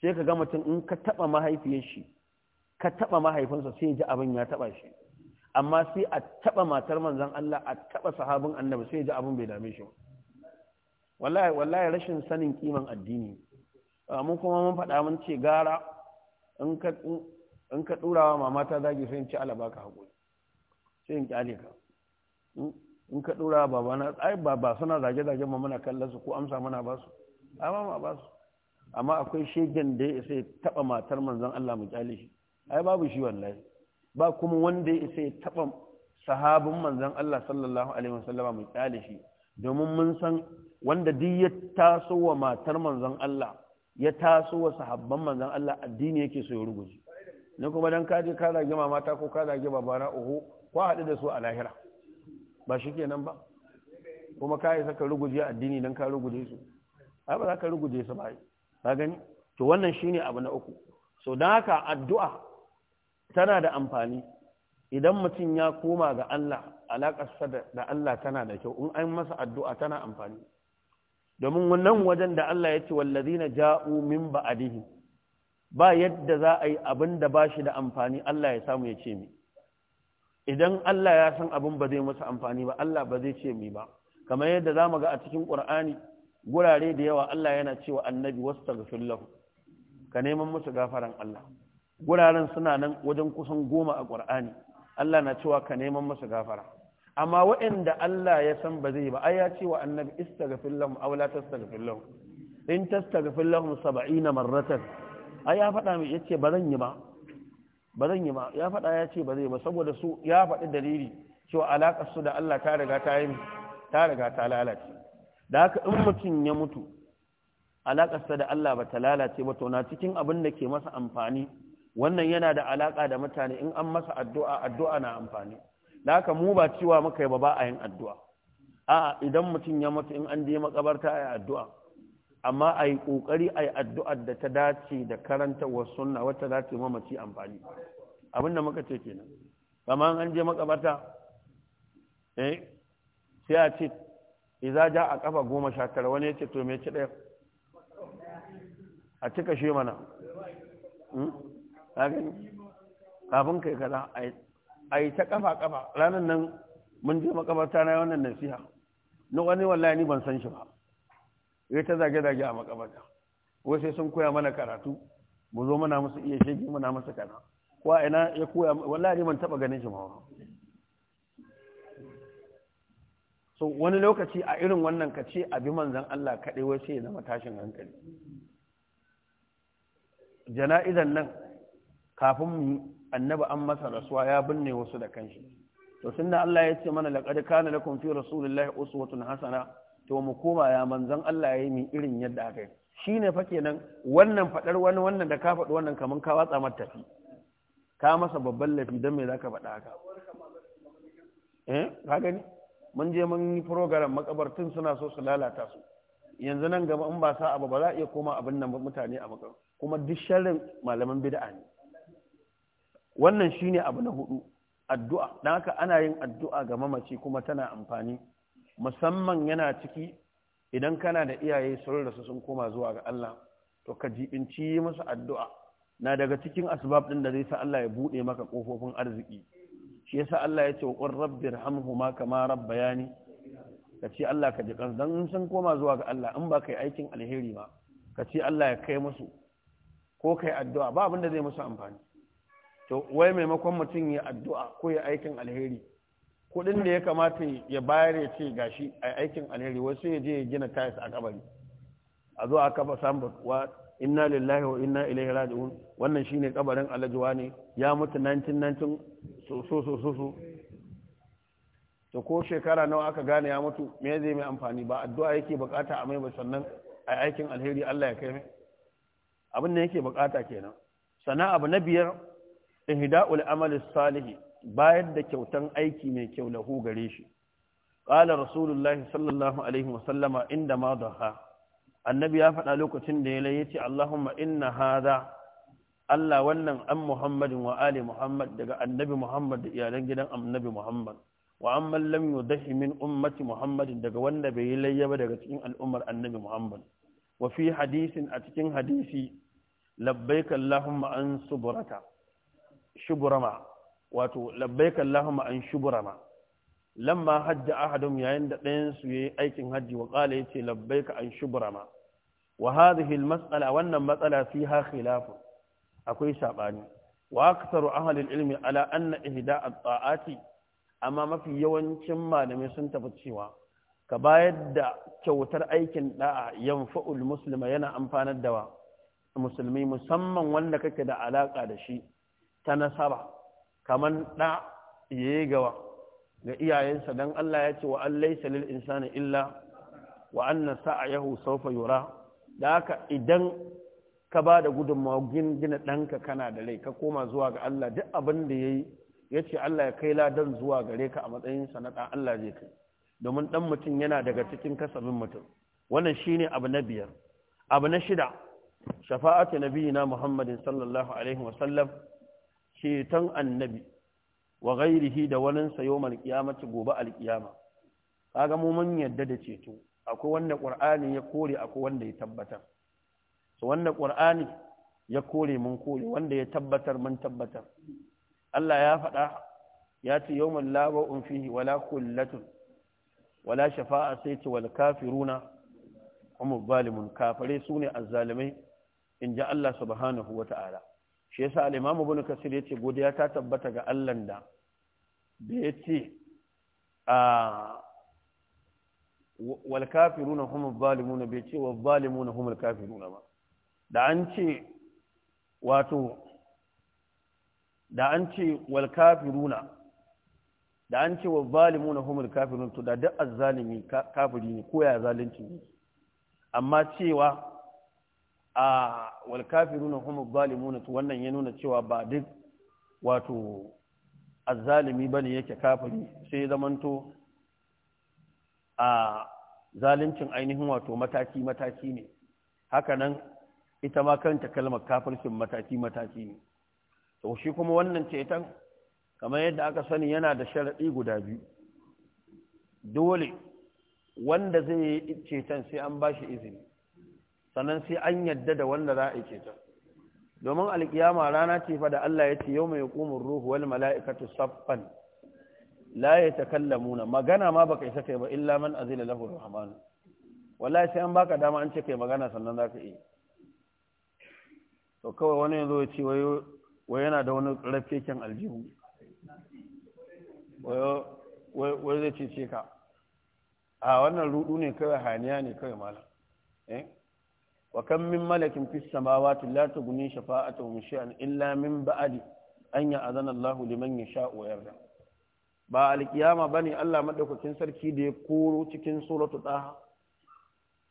sai ka ga mutum in ka taɓa mahaifiyar shi ka taɓa mahaifinsa sai ji abin ya taɓa shi amma sai a taɓa matar manzon Allah a taɓa sahabin annabi sai ji abin bai dame shi ba wallahi wallahi rashin sanin kiman addini ah, mun kuma mun faɗa mun ce gara in ka in ka durawa mama ta zagi sai in ci ala baka hakuri sai in ƙyale ka in ka wa baba na ai baba suna zage zage ma muna kallon su ko amsa muna ba su amma ma ba su amma akwai shegen da ya sai taba matar manzon Allah mu ƙyale shi ai babu shi wallahi ba kuma wanda ya sai taba sahabin manzon Allah sallallahu alaihi wasallama mu ƙyale shi domin mun san wanda duk ya taso wa matar manzon Allah ya taso wa sahabban manzon Allah addini yake so ya ruguje ne kuma dan ka je ka zage mata ko ka zage babana oho ko haɗu da su a lahira ba shi kenan ba kuma ka yi saka ruguje addini dan ka ruguje su ai ba za ka ruguje su ba ka gani to wannan shine abu na uku so dan haka addu'a tana da amfani idan mutum ya koma ga Allah alaƙarsa da Allah tana da kyau in an masa addu'a tana amfani domin wannan wajen da Allah ya ce na ja'u min ba'dihi ba yadda za a yi abin da ba shi da amfani Allah ya samu ya ce mi idan Allah ya san abin ba zai masa amfani ba Allah ba zai ce mi ba kamar yadda za mu ga a cikin ƙur'ani gurare da yawa Allah yana cewa annabi wasu lahu ka neman musu gafaran Allah guraren suna nan wajen kusan goma a ƙur'ani Allah na cewa ka neman musu gafara amma waɗanda Allah ya san ba zai ba ai ya ce wa annabi istaghfir lahum aw la tastaghfir lahum in tastaghfir lahum 70 marratan ai ya faɗa mai yace ba zan yi ba ba zan yi ba ya faɗa ya ce ba zai ba saboda su ya faɗi dalili cewa alaƙar su da Allah ta riga ta yi ta riga ta lalace da haka in mutum ya mutu alaƙar sa da Allah ba ta lalace ba to na cikin abin da ke masa amfani wannan yana da alaƙa da mutane in an masa addu'a addu'a na amfani da haka mu ba cewa muka yi ba ba a yin addu'a a idan mutum ya mutu in an je makabarta ayi yi addu'a amma a yi ƙoƙari a yi addu'ar da ta dace da karantawar sunna wacce za ta mamaci amfani abin da muka ce kenan kama an je makabarta eh sai a ce iza ja a kafa goma sha tara wani ya ce to me ci ɗaya a cika shi mana hmm? kafin kai kaza a a yi ta kafa kafa ranar nan mun je makabarta na wannan nasiha na wani wallahi ni ban san shi ba ya ta zage zage a makabarta ko sai sun koya mana karatu mu zo muna musu iya shege muna musu kana a ina ya koya wallahi ni ban taba ganin shi ba so wani lokaci a irin wannan ka ce abi manzan Allah kaɗai wai sai ya zama tashin hankali jana'izan nan kafin mu Annaba an masa rasuwa ya binne wasu da shi. to tunda Allah ya ce mana laqad kana lakum fi rasulillahi uswatun hasana to mu koma ya manzon Allah yayi mi irin yadda aka yi shine fa kenan wannan fadar wani wannan da ka faɗi wannan kaman ka watsa mata fi ka masa babban lafi dan me zaka faɗa haka eh ka gani mun je mun yi program makabartun suna so su lalata su yanzu nan gaba in ba sa abu ba za a iya koma abin nan mutane a makabar kuma duk sharrin malaman bid'a ne wannan shine abu na hudu addu'a dan haka ana yin addu'a ga mamaci kuma tana amfani musamman yana ciki idan kana da iyaye sun rasu sun koma zuwa ga Allah to ka jibinci yi musu addu'a na daga cikin asbab ɗin da zai sa Allah ya buɗe maka kofofin arziki shi yasa Allah ya ce wa qur rabbirhamhuma kama rabbayani ka ce Allah ka ji kansu dan sun koma zuwa ga Allah in ba ka yi aikin alheri ba ka ce Allah ya kai musu ko kai addu'a ba abin da zai musu amfani to wai maimakon mutum ya addu'a ko ya aikin alheri kuɗin da ya kamata ya bayar ya ce gashi a aikin alheri wasu ya je ya gina tayis a kabari a zo a kafa sambar wa inna lillahi wa inna ilaihi raji'un wannan shine kabarin alajuwa ne ya mutu 1919 so so so so so to ko shekara nawa aka gane ya mutu me zai mai amfani ba addu'a yake bukata a mai ba sannan a aikin alheri Allah ya kai mai abin da yake bukata kenan sana abu na biyar ihda'ul amali salih bayar da kyautan aiki mai kyau lahu gare shi qala rasulullahi sallallahu alaihi wasallama inda ma daha annabi ya faɗa lokacin da ya yace allahumma inna hadha Allah wannan an Muhammadin wa ali Muhammad daga annabi Muhammad da iyalan gidan annabi Muhammad wa amman lam yudahi min ummati Muhammadin daga wanda bai yi layyaba daga cikin al'ummar annabi Muhammad wa fi hadisin a cikin hadisi labbaika Allahumma an suburata shuburama wato labbaika Allahumma an shuburama lamma hajja ahadum yayin da ɗayan su yayi aikin haji wa qala yace labbaika an shuburama wa hadhihi al-mas'ala wannan matsala fiha khilaf akwai sabani wa aktharu ahli al-ilmi ala anna ihda at-ta'ati amma mafi yawancin malamai sun tafi cewa ka bayar da kyautar aikin da'a yanfa'ul muslima yana amfanar da musulmi musamman wanda kake da alaka da shi ta nasaba kaman ɗa yayi gawa ga iyayensa dan Allah ya ce wa an lil insani illa wa anna sa'ayahu sawfa yura da haka idan ka ba da gudunmawa gina ɗanka kana da rai ka koma zuwa ga Allah duk abin da yayi ya ce Allah ya kai ladan zuwa gare ka a matsayin sanada Allah zai kai domin dan mutum yana daga cikin kasabin mutum wannan shine abu na biyar abu na shida shafa'atu nabiyina Muhammadin sallallahu alaihi wa ceton annabi wa ghairihi da waninsa yawmal qiyamati gobe alkiyama kaga mu mun yadda da ceto akwai wanda ƙur'ani ya kore akwai wanda ya tabbatar so wanda ƙur'ani ya kore mun kore wanda ya tabbatar mun tabbatar Allah ya faɗa ya ce yawmal la ba'un fi wala kullatun wala shafa'a sai ce wal kafiruna umul zalimun kafare sune azzalimai in ji Allah subhanahu wa ta'ala shi yasa al-imam ibn kasir yace godiya ta tabbata ga Allah da da yace a wal kafiruna hum zalimuna bai ce wa zalimuna hum al kafiruna ba da an ce wato da an ce wal kafiruna da an ce wa zalimuna al-kafiruna to da duk az-zalimi kafiri ne ko ya zalunci amma cewa a walkafiruna kafiruna wannan ya nuna cewa ba duk wato azzalimi bane yake kafiri sai zamanto a zaluncin ainihin wato mataki mataki ne haka nan ita ma kanta kalmar kafircin mataki mataki ne to shi kuma wannan ceton kamar yadda aka sani yana da sharaɗi guda biyu dole wanda zai yi ceton sai an ba shi izini sannan sai an yadda da wanda za a yi ceton domin alkiyama rana ce fa da Allah ya ce yau mai ruhu wal mala'ikatu saffan la yatakallamuna magana ma baka isa kai ba illa man azila lahu rahman wallahi sai an baka dama an ce kai magana sannan ka yi to kawai wani yanzu ya ce wai yana da wani rafeken aljihu wai zai ce ce ka a wannan rudu ne kawai haniya ne kawai malam eh wa kan min malakin fis samawati la tughni shafa'atuhum shay'an illa min ba'di an ya'zana Allahu liman yasha'u wa yarda ba alkiyama bane Allah madaukakin sarki da ya koro cikin suratu daha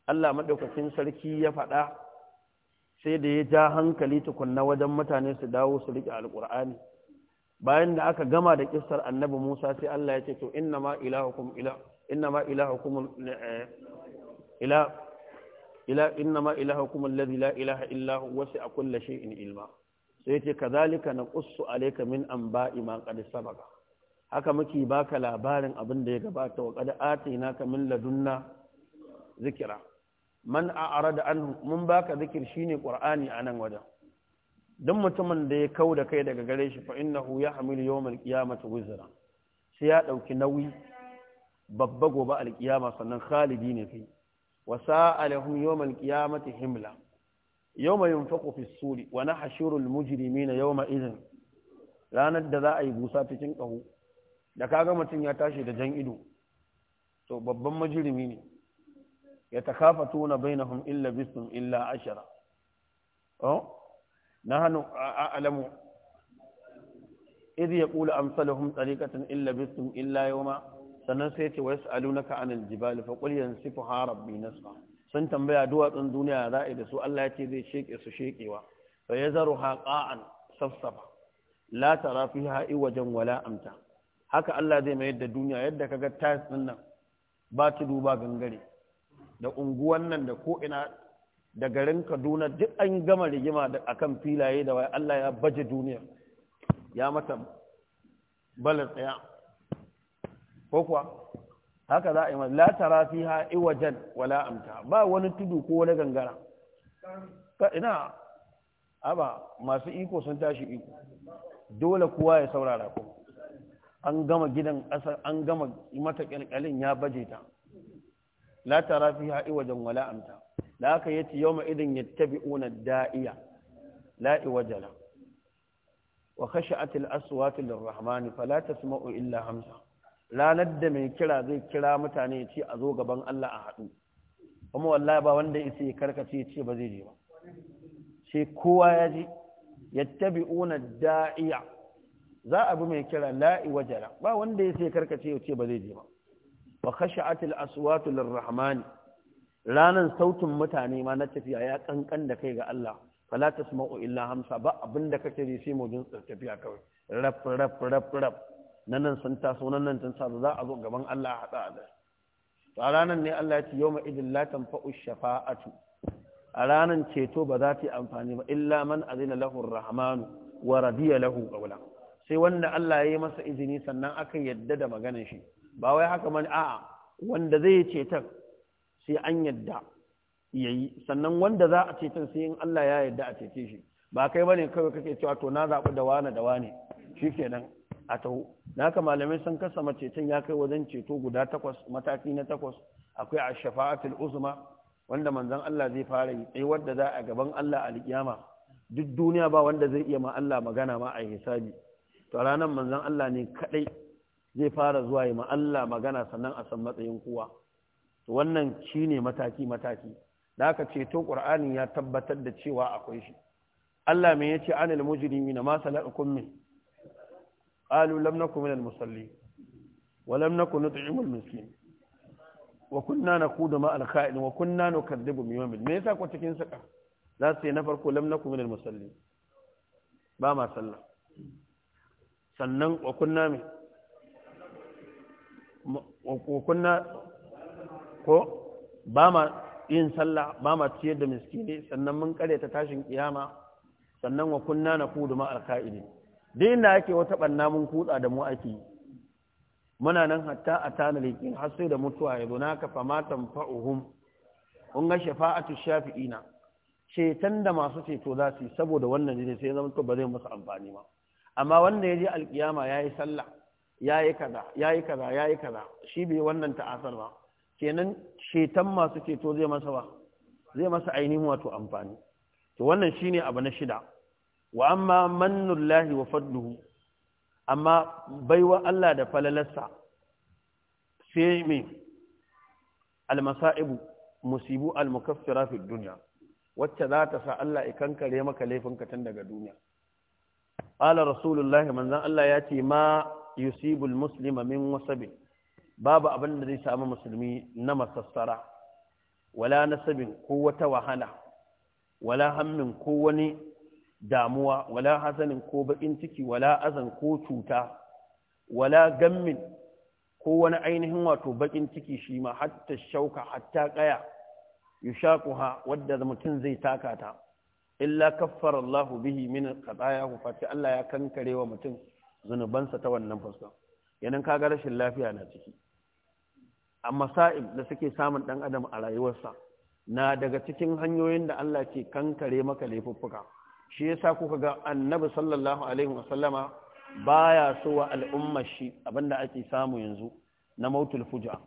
Allah madaukakin sarki ya faɗa sai da ya ja hankali tukunna wajen mutane su dawo su rike alqur'ani bayan da aka gama da kissar annabi Musa sai Allah ya ce to inna ma ilahukum ila inna ma ilahukum ila innama ilahukum alladhi la ilaha illa huwa wasi'a kulli shay'in ilma sai yace kadhalika naqussu alayka min anba'i ma qad sabaqa haka muke baka labarin abin da ya gabata wa qad atinaka min ladunna zikra man a'rada anhu mun baka zikir shine qur'ani nan wajen duk mutumin da ya kau da kai daga gare shi fa innahu yahmilu yawmal qiyamati wizra sai ya ɗauki nauyi babba gobe alkiyama sannan khalidi ne kai wa sa'a lahum yawmal qiyamati himla yawma yunfaqu fi suri wa nahshuru al mujrimina yawma idhin ranar da za a yi busa cikin kaho da kaga mutum ya tashi da jan ido to babban mujrimi ne ya ta kafa takafatuna bainahum illa bisum illa ashara oh a a'lamu idh yaqulu amsaluhum tariqatan illa bisum illa yawma sannan sai ce wasu alunaka anil jibali fa qul yansifuha rabbi nasfa sun tambaya duwatsun duniya za a yi da su Allah ya ce zai sheke su shekewa fa yazaruha qa'an safsafa la tara fiha wajen wala amta haka Allah zai mayar da duniya yadda ka tas din nan ba ta duba gangare da unguwan nan da ko ina da garin Kaduna duk an gama rigima da akan filaye da wai Allah ya baje duniya ya mata bala tsaya ko kuwa haka za a yi ma la tara fiha iwajan wala amta ba wani tudu ko wani gangara ina aba masu iko sun tashi iko dole kowa ya saurara ku an gama gidan asar an gama mata kyalkyalin ya baje ta la tara fiha iwajan wala amta da aka yace yawma idin yattabi'una da'iya la iwajala wa khashi'atil aswatu lirrahmani fala tasma'u illa hamsa ranar da mai kira zai kira mutane ya ce a zo gaban Allah a haɗu kuma wallahi ba wanda ya ya karkace ya ce ba zai je ba sai kowa ya ji yattabi'una da'iya za a bi mai kira la'i wajala ba wanda ya ya karkace ya ce ba zai je ba wa khashi'at aswatu lirrahmani ranan sautin mutane ma na tafiya ya kankan da kai ga Allah fala tasma'u illa hamsa ba abinda kake ji sai mujin tafiya kawai raf raf raf raf nan nan sun taso nan nan tun taso. za a zo gaban Allah a haɗa da a ranar ne Allah ya ce yau ma'idin latan fa'u shafa'atu a ranar ceto ba za ta yi amfani ba illa man azina lahu rahmanu wa radiya lahu qawla sai wanda Allah ya yi masa izini sannan aka yadda da maganar shi ba wai haka man a'a wanda zai yi ceton sai an yadda ya yi. sannan wanda za a ceton sai in Allah ya yadda a cece shi ba kai bane kawai kake cewa to na zaɓi da wane da wane shikenan a taho da haka malamai sun kasa maceton ya kai wajen ceto guda takwas mataki na takwas akwai a shafa'atul uzma wanda manzon Allah zai fara yi sai wadda za a gaban Allah alkiyama duk duniya ba wanda zai iya ma Allah magana ma a hisabi to ranan manzon Allah ne kadai zai fara zuwa yi ma Allah magana sannan a san matsayin kowa to wannan shine mataki mataki da haka ceto qur'ani ya tabbatar da cewa akwai shi Allah me yace anil mujrimina ma salakakum min قالوا لم نكن من المصلين ولم نكن نطعم المسكين وكنا نقود مع الخائن وكنا نكذب بيوم الدين me yasa ku cikin saka za su yi na farko lam nakum min al-musallin ba ma sallah sannan wa kunna ko ba ma yin sallah ba ma ciyar da miskini sannan mun kare ta tashin kiyama sannan wa kunna naqudu ma al-kha'idin duk da ake wata banna mun kutsa da mu ake muna nan hatta a tana yakin har sai da mutuwa ya zo na ka fama fa'uhum kun ga shafa'atu shafi'ina ceton da masu ceto za su yi saboda wannan jini sai zama to ba zai musu amfani ba amma wanda ya je alkiyama ya yi sallah ya yi kaza ya yi kaza ya yi kaza shi bai wannan ta'asar ba kenan ceton masu ceto zai masa ba zai masa ainihin wato amfani to wannan shine abu na shida wa amma mannullahi wa fadluhu amma baiwa Allah da falalarsa sai me almasa'ibu musibu almukaffira fi duniya wacce za ta sa Allah ya kankare maka laifinka tun daga duniya qala rasulullahi manzon Allah ya ce ma yusibu almuslima min wasabi babu abin da zai samu musulmi na masassara wala nasabin ko wata wahala wala hammin ko wani damuwa wala hasanin ko baƙin ciki wala azan ko cuta wala gammin ko wani ainihin wato baƙin ciki shi ma hatta shauka hatta ƙaya yushaquha wadda mutum zai taka ta illa kaffara Allahu bihi min khatayahu fati Allah ya kankare wa mutum zunubansa ta wannan fuska yanan kaga rashin lafiya na ciki amma Sa'im da suke samun dan adam a rayuwarsa na daga cikin hanyoyin da Allah ke kankare maka laifuffuka shi ya sa kuka ga annabi sallallahu alaihi wasallama baya so wa al'ummar shi abinda ake samu yanzu na mautul fuja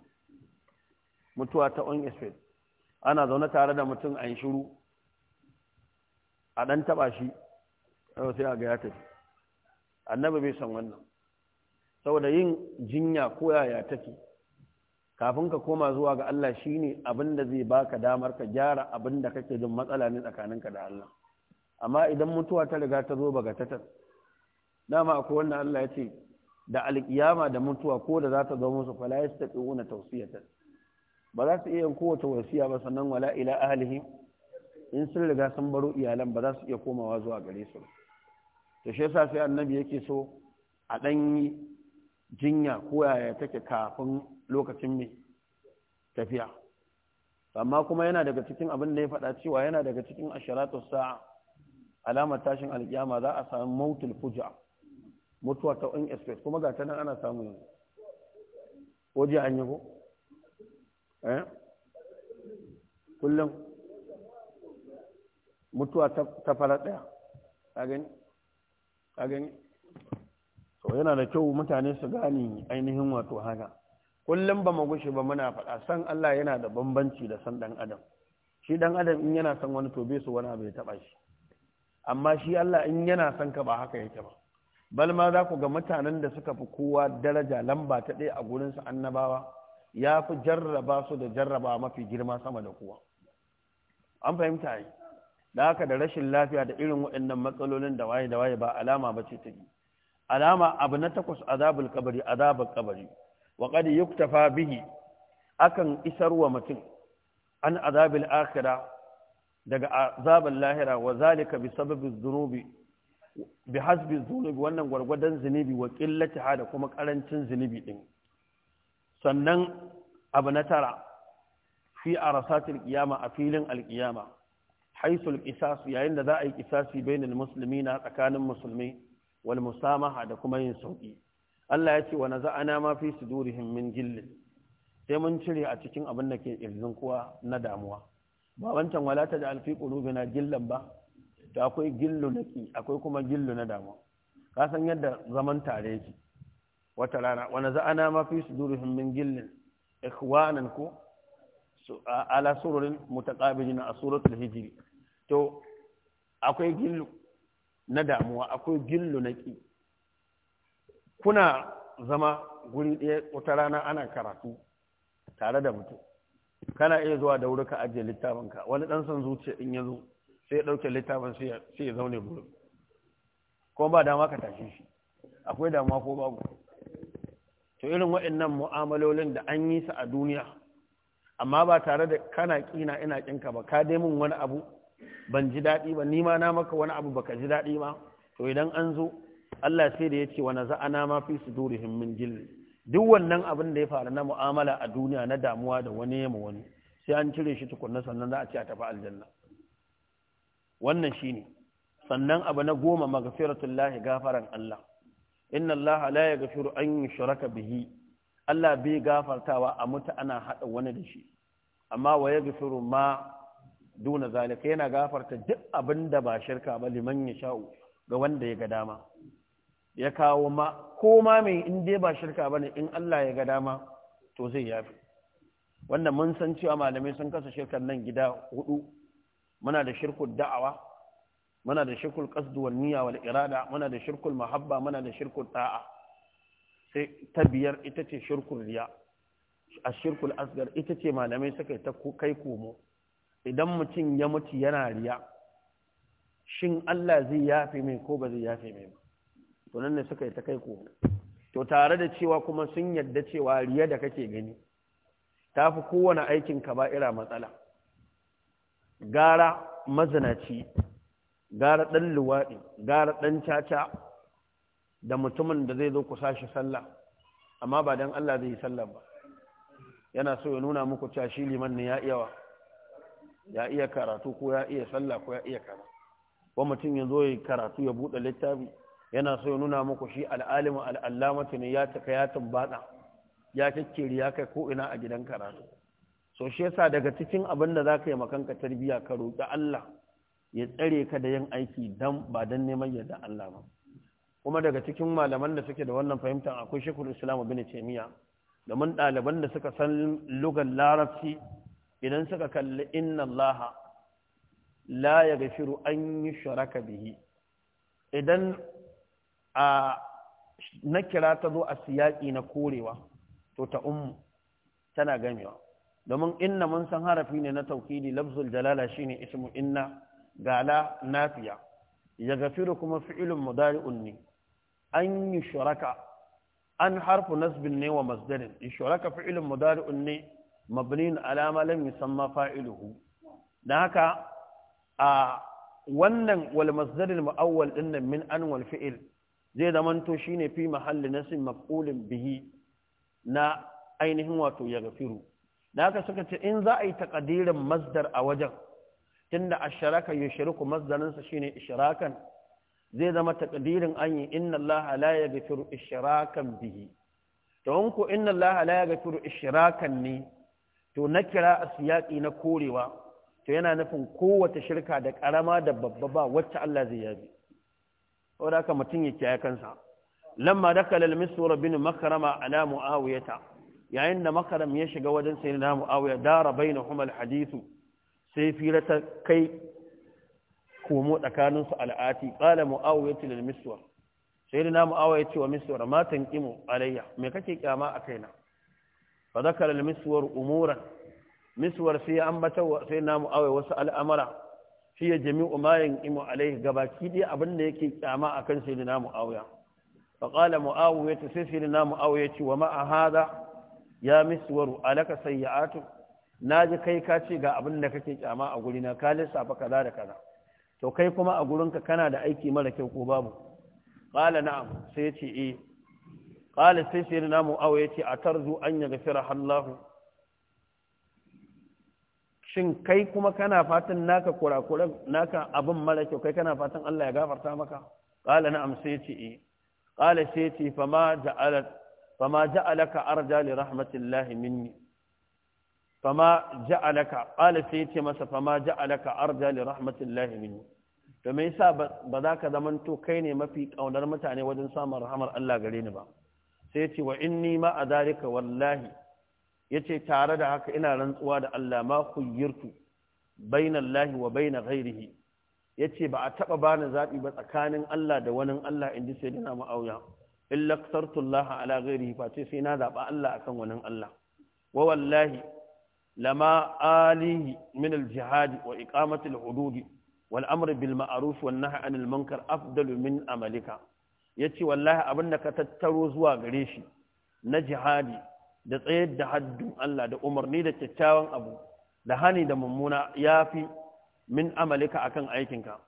mutuwa ta on ana zaune tare da mutum a shiru a dan taɓa shi sai a ga ya tafi annabi bai san wannan saboda yin jinya ko yaya tafi. kafin ka koma zuwa ga Allah shine abinda zai baka damar ka gyara abinda kake jin matsala ne tsakaninka da Allah amma idan mutuwa ta riga ta zo bagatatar dama akwai wannan Allah ya ce da alkiyama da mutuwa ko da za ta zo musu fala yastati'una tawsiyatan ba za su iya yin kowace wasiya ba sannan wala ila ahlihi in sun riga sun baro iyalan ba za su iya komawa zuwa gare su to shi yasa sai annabi yake so a dan yi jinya ko yaya take kafin lokacin mai tafiya amma kuma yana daga cikin abin da ya faɗa cewa yana daga cikin asharatu sa'a alamar tashin alkiyama za a samu mautul fuja mutuwa ta in expect kuma ga tanan ana samun waje an yi ko eh kullum mutuwa ta fara daya ka gani ka gani to yana da kyau mutane su gane ainihin wato haka kullum ba mu gushe ba muna faɗa san Allah yana da bambanci da san dan adam shi dan adam in yana san wani to bai su wani abu ya taba shi amma shi Allah in yana son ka ba haka yake ba bal ma za ku ga mutanen da suka fi kowa daraja lamba ta ɗaya a gurinsu annabawa ya fi jarraba su da jarraba mafi girma sama da kowa an fahimta yi da haka da rashin lafiya da irin waɗannan matsalolin da waye da waye ba alama ba ce ta yi alama abu na takwas azabul kabari azabul kabari wa qad yuktafa bihi akan isarwa mutum an azabil akhirah daga azabar lahira wa zalika bi sababi zunubi bi hasbi zunubi wannan gwargwadon zunubi wa qillatiha da kuma karancin zunubi din sannan abu na tara fi arasatil qiyama a filin alqiyama haisul qisas yayin da za a yi qisasi bainal muslimina tsakanin musulmi wal musamaha da kuma yin sauki Allah ya ce wa naza'ana ma fi sudurihim min gillin sai mun cire a cikin abin da ke irzin kuwa na damuwa ba wancan wala ta da alfi qulubina gillan ba da akwai gillu na ki akwai kuma gillu na damuwa ka san yadda zaman tare yake wata rana wani za'ana ma fi sudurihim min gillin ikhwanan ko ala sururin mutaqabilin a suratul hijri to akwai gillu na damuwa akwai gillu na ƙi kuna zama guri ɗaya wata rana ana karatu tare da mutum kana iya zuwa da wuri ka ajiye littafinka wani dan san zuciya in ya sai ya ɗauke littafin sai ya zaune gurin ko ba dama ka tashe shi akwai dama ko babu to irin waɗannan mu'amalolin da an yi su a duniya amma ba tare da kana kina ina kinka ba ka dai min wani abu ban ji daɗi ba ni ma na maka wani abu baka ji daɗi ba to idan an zo Allah sai da ya ce wa naza'ana ma fi sudurihim min jilli duk wannan abin da ya faru na mu'amala a duniya na damuwa da wani yamma wani sai an cire shi tukunna sannan za a ce a tafi aljanna wannan shi ne. sannan abu na goma lahi gafaran Allah inna Allah la yaghfiru an shuraka bihi Allah bai gafartawa a mutu ana haɗa wani da shi amma wa yaghfiru ma duna zalika yana gafarta duk abin da ba shirka ba liman ya sha'u ga wanda ya ga dama ya kawo ma ko ma mai in dai ba shirka ba ne in Allah ya ga dama to zai yafi wanda mun san cewa malamai sun kasa shirkan nan gida hudu muna da shirkul da'awa muna da shirkul qasd wal niyya wal irada muna da shirkul mahabba muna da shirkul ta'a sai ta biyar ita ce shirkul riya a shirkul asgar ita ce malamai suka ta kai komo idan mutum ya mutu yana riya shin Allah zai yafe mai ko ba zai yafe mai ba to nan ne suka yi ta kai ko to tare da cewa kuma sun yadda cewa riya da kake gani ta fi kowane aikin ka ba ira matsala gara mazinaci gara ɗan luwaɗi gara ɗan caca da mutumin da zai zo ku sashi sallah amma ba dan Allah zai yi sallah ba yana so ya nuna muku cewa shi liman ne ya iyawa ya iya karatu ko ya iya sallah ko ya iya karatu ko mutum ya zo ya karatu ya buɗe littafi yana so ya nuna muku shi al'alimu al'allamatu ne ya taka ya tambada ya kikkiri ya kai ko'ina a gidan karatu so shi yasa daga cikin abin da za ka yi makanka tarbiyya ka roƙi Allah ya tsare ka da yin aiki dan ba dan neman yadda Allah ba kuma daga cikin malaman da suke da wannan fahimtar akwai shekul islam bin taimiya domin ɗaliban da suka san lugar larabci idan suka kalli inna allaha la ya an yi sharaka bihi idan a na kira ta zo a siyaƙi na korewa to ta ummu tana gamewa domin inna mun san harafi ne na taukidi lafzul jalala shine ismu inna gala nafiya ya gafiru kuma fi'ilun mudari'un ne an yi shuraka an harfu nasbin ne wa masdarin shuraka fi'ilun mudari'un ne mabnin alama lam yusamma fa'iluhu dan haka a wannan wal masdaril muawwal din min an wal fi'il zai zamanto shine fi mahalli sin maf'ulin bihi na ainihin wato ya gafiru da haka suka ce in za a yi takadirin masdar a wajen tunda asharaka yushriku masdarinsa shine ishirakan, zai zama taƙadirin an yi inna Allah la yaghfiru ishirakan bihi to in inna Allah la yaghfiru ne to na kira a siyaƙi na korewa to yana nufin kowace shirka da ƙarama da babba ba wacce Allah zai yabi saboda aka mutum ya kiyaye kansa lamma dakala al-miswar bin makarama ala muawiyata yayin da makaram ya shiga wajen sayyidina muawiya dara bainahum al-hadithu sai fira ta kai komo tsakanin su al'ati qala muawiyatu lil-miswar sayyidina muawiya ce wa miswar ma tanqimu alayya me kake kyama a kaina fa dakala al-miswar umuran miswar sai ambata sayyidina muawiya wasu al'amara shi ya jami'u ma imu alaihi gabaki dai abin da yake kyama akan sayyidina muawiya fa qala muawiya ta sai sayyidina muawiya ce wa ma hada ya miswaru alaka sayyi'atu naji kai ka ce ga abin da kake kyama a gurina ka fa kaza da kaza to kai kuma a gurinka kana da aiki mara kyau ko babu qala na'am sai ya ce eh qala sayyidina muawiya ce atarzu an yaghfira Allahu shin kai kuma kana fatan naka kurakuran naka abin mara kyau kai kana fatan Allah ya gafarta maka qala na'am sai ce eh qala sai ce fama ja'alat fama ja'alaka arja li rahmatillahi minni fama ja'alaka qala sai ce masa fama ja'alaka arja li rahmatillahi minni to me yasa ba za ka zamanto kai ne mafi kaunar mutane wajen samun rahamar Allah gare ni ba sai ce wa inni ma adarika wallahi yace tare da haka ina rantsuwa da Allah ma khayyirtu bainallahi wa bain ghairihi yace ba a taɓa bani zaɓi ba tsakanin Allah da wani Allah inji sai dina ma'auya illa qtartullah ala ghairihi fa ce sai na zaba Allah akan wani Allah wa wallahi lama alihi min al wa iqamati hududi wal amr bil ma'ruf wan nahy anil munkar afdalu min amalika yace wallahi abinda ka tattaro zuwa gare shi na jihadi da tsayar da haddun Allah da umarni da kyakkyawan abu da hani da mummuna ya fi min amalika akan aikinka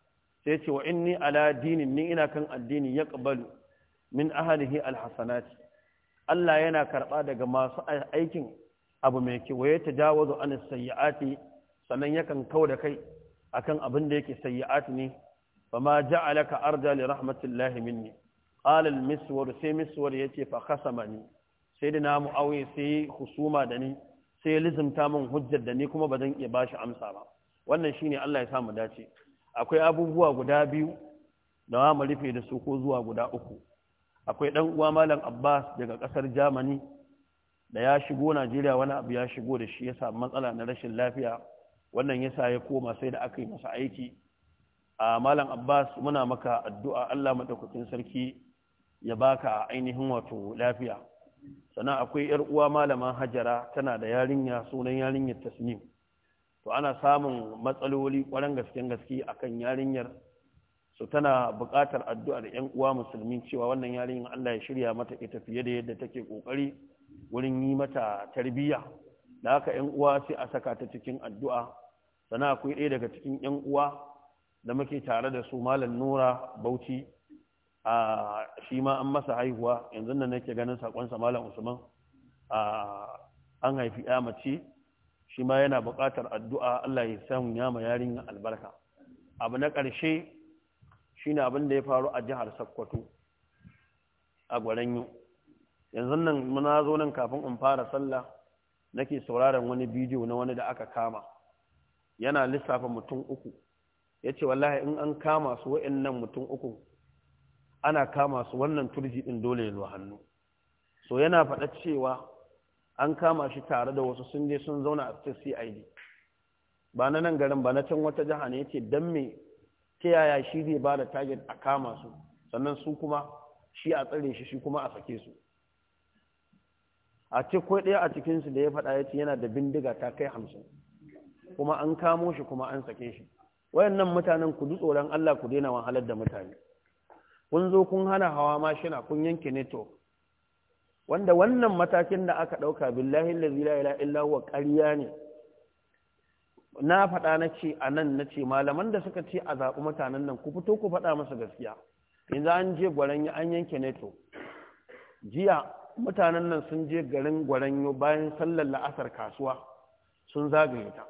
sai ce wa inni ala dinin ni ina kan addini ya ƙabalu min ahalihi alhassanati Allah yana karɓa daga masu aikin abu mai kyau ya tajawazu an sayyati sannan yakan kau da kai akan abin da yake sayyati ne ma ja'alaka arda li rahmatillahi minni qala al-miswar sai miswar yace fa khasamani sai da namu auye sai husuma da ni sai ya min hujjar da ni kuma ba zan iya bashi amsa ba wannan shine Allah ya samu dace akwai abubuwa guda biyu da mu rufe da su ko zuwa guda uku akwai dan uwa malam Abbas daga kasar jamani da ya shigo Najeriya wani abu ya shigo da shi ya samu matsala na rashin lafiya wannan ya sa ya koma sai da aka yi masa aiki a malam Abbas muna maka addu'a Allah madaukakin sarki ya baka ainihin wato lafiya sannan akwai yar uwa malaman hajara tana da yarinya sunan yarinyar tasnim to ana samun matsaloli kwaran gasken gaske akan yarinyar su tana buƙatar addu'ar yan uwa musulmi cewa wannan yarinyar Allah ya shirya mata ita fiye da yadda take kokari wurin yi mata tarbiyya da haka yan uwa sai a saka ta cikin addu'a sannan akwai ɗaya daga cikin yan uwa da muke tare da su malam Nura Bauchi a shi ma an masa haihuwa yanzu nan nake ganin sa malam usman an haifi ya mace shi ma yana buƙatar addu'a Allah ya samu ya ma yarin albarka abu na ƙarshe shine abin da ya faru a jihar Sokoto a Gwaranyo yanzu nan muna zo nan kafin in fara sallah nake sauraron wani bidiyo na wani da aka kama yana lissafa mutum uku yace wallahi in an kama su wa'annan mutum uku ana kama su wannan turji ɗin dole ya hannu so yana faɗa cewa an kama shi tare da wasu sun je sun zauna a cikin cid ba na nan garin ba na can wata jiha ne yace dan me ta yaya shi zai ba da target a kama su sannan su kuma shi a tsare shi shi kuma a sake su a ce kai ɗaya a cikinsu da ya faɗa ya ce yana da bindiga ta kai hamsin kuma an kamo shi kuma an sake shi wayannan mutanen ku ji tsoron Allah ku daina wahalar da mutane kun zo kun hana hawa mashina kun yanke neto wanda wannan matakin da aka ɗauka billahi la ila illa huwa ƙarya ne na faɗa na ce a nan na ce malaman da suka ce a zaɓi mutanen nan ku fito ku faɗa masa gaskiya yanzu an je gwaranyo an yanke neto jiya mutanen nan sun je garin gwaranyo bayan sallar la'asar kasuwa sun zagaye ta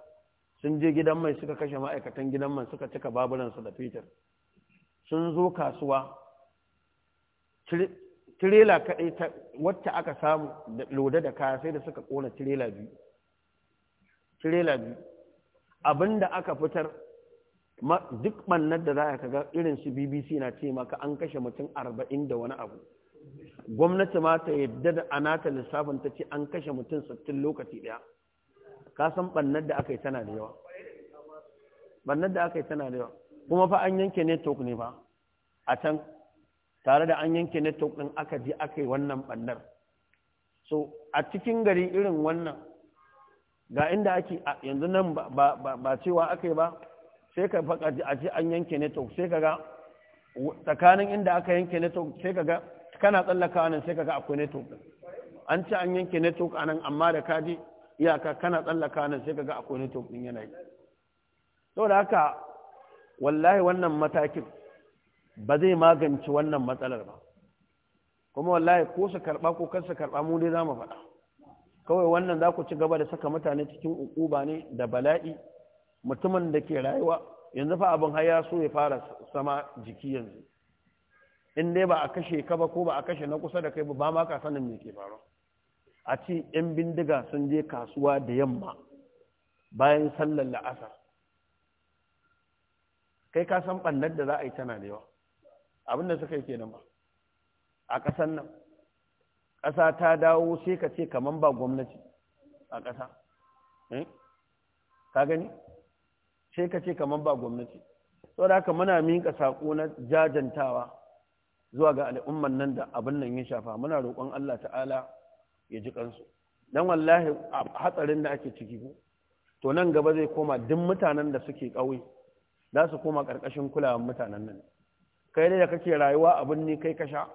sun je gidan mai suka kashe ma'aikatan gidan man suka cika baburansu da fetur sun zo kasuwa tirela kaɗai wacce aka samu da loda da kaya sai da suka ƙona tirela biyu tirela biyu abinda aka fitar duk ɓannar da za a kaga irin su bbc na ce maka an kashe mutum arba'in da wani abu gwamnati ma ta yadda da ta lissafin ta ce an kashe mutum sattin lokaci ɗaya ka san ɓannar da aka yi tana da yawa ɓannar da aka yi tana da yawa kuma fa an yanke network ne ba a can tare da an yanke network ɗin aka je aka yi wannan ɓannar so a cikin gari irin wannan ga inda ake yanzu nan ba cewa aka yi ba sai ka faka a ce an yanke network sai ka ga tsakanin inda aka yanke network sai ka ga kana tsallakawa nan sai ka ga akwai network an ce an yanke network a nan amma da kaji iyaka kana tsallakawa nan sai ka ga akwai network ɗin yanayi saboda haka wallahi wannan matakin ba zai magance wannan matsalar ba kuma wallahi ko su karba ko kar su karɓa mu dai za faɗa kawai wannan za ku ci gaba da saka mutane cikin ukuba ne da bala'i mutumin da ke rayuwa yanzu fa abin haya so ya fara sama jiki yanzu in dai ba a kashe ka ba ko ba a kashe na kusa da kai ba ba ma ka sanin me ke faruwa a ci 'yan bindiga sun je kasuwa da yamma bayan sallar la'asar kai ka san ɓannar da za a yi tana da yawa abin da suka yi kenan ba a ƙasar nan ƙasa ta dawo sai ka ce kaman ba gwamnati a ƙasa eh? ka gani sai ka ce kaman ba gwamnati Sau da haka muna miƙa saƙo na jajantawa zuwa ga al'umman nan da abin nan ya shafa muna roƙon Allah ta'ala ya ji kansu Don wallahi a hatsarin da ake ciki ko, to nan gaba zai koma duk mutanen da suke ƙauye za su koma ƙarƙashin kulawan mutanen nan kai ne da kake rayuwa a birni kai ka sha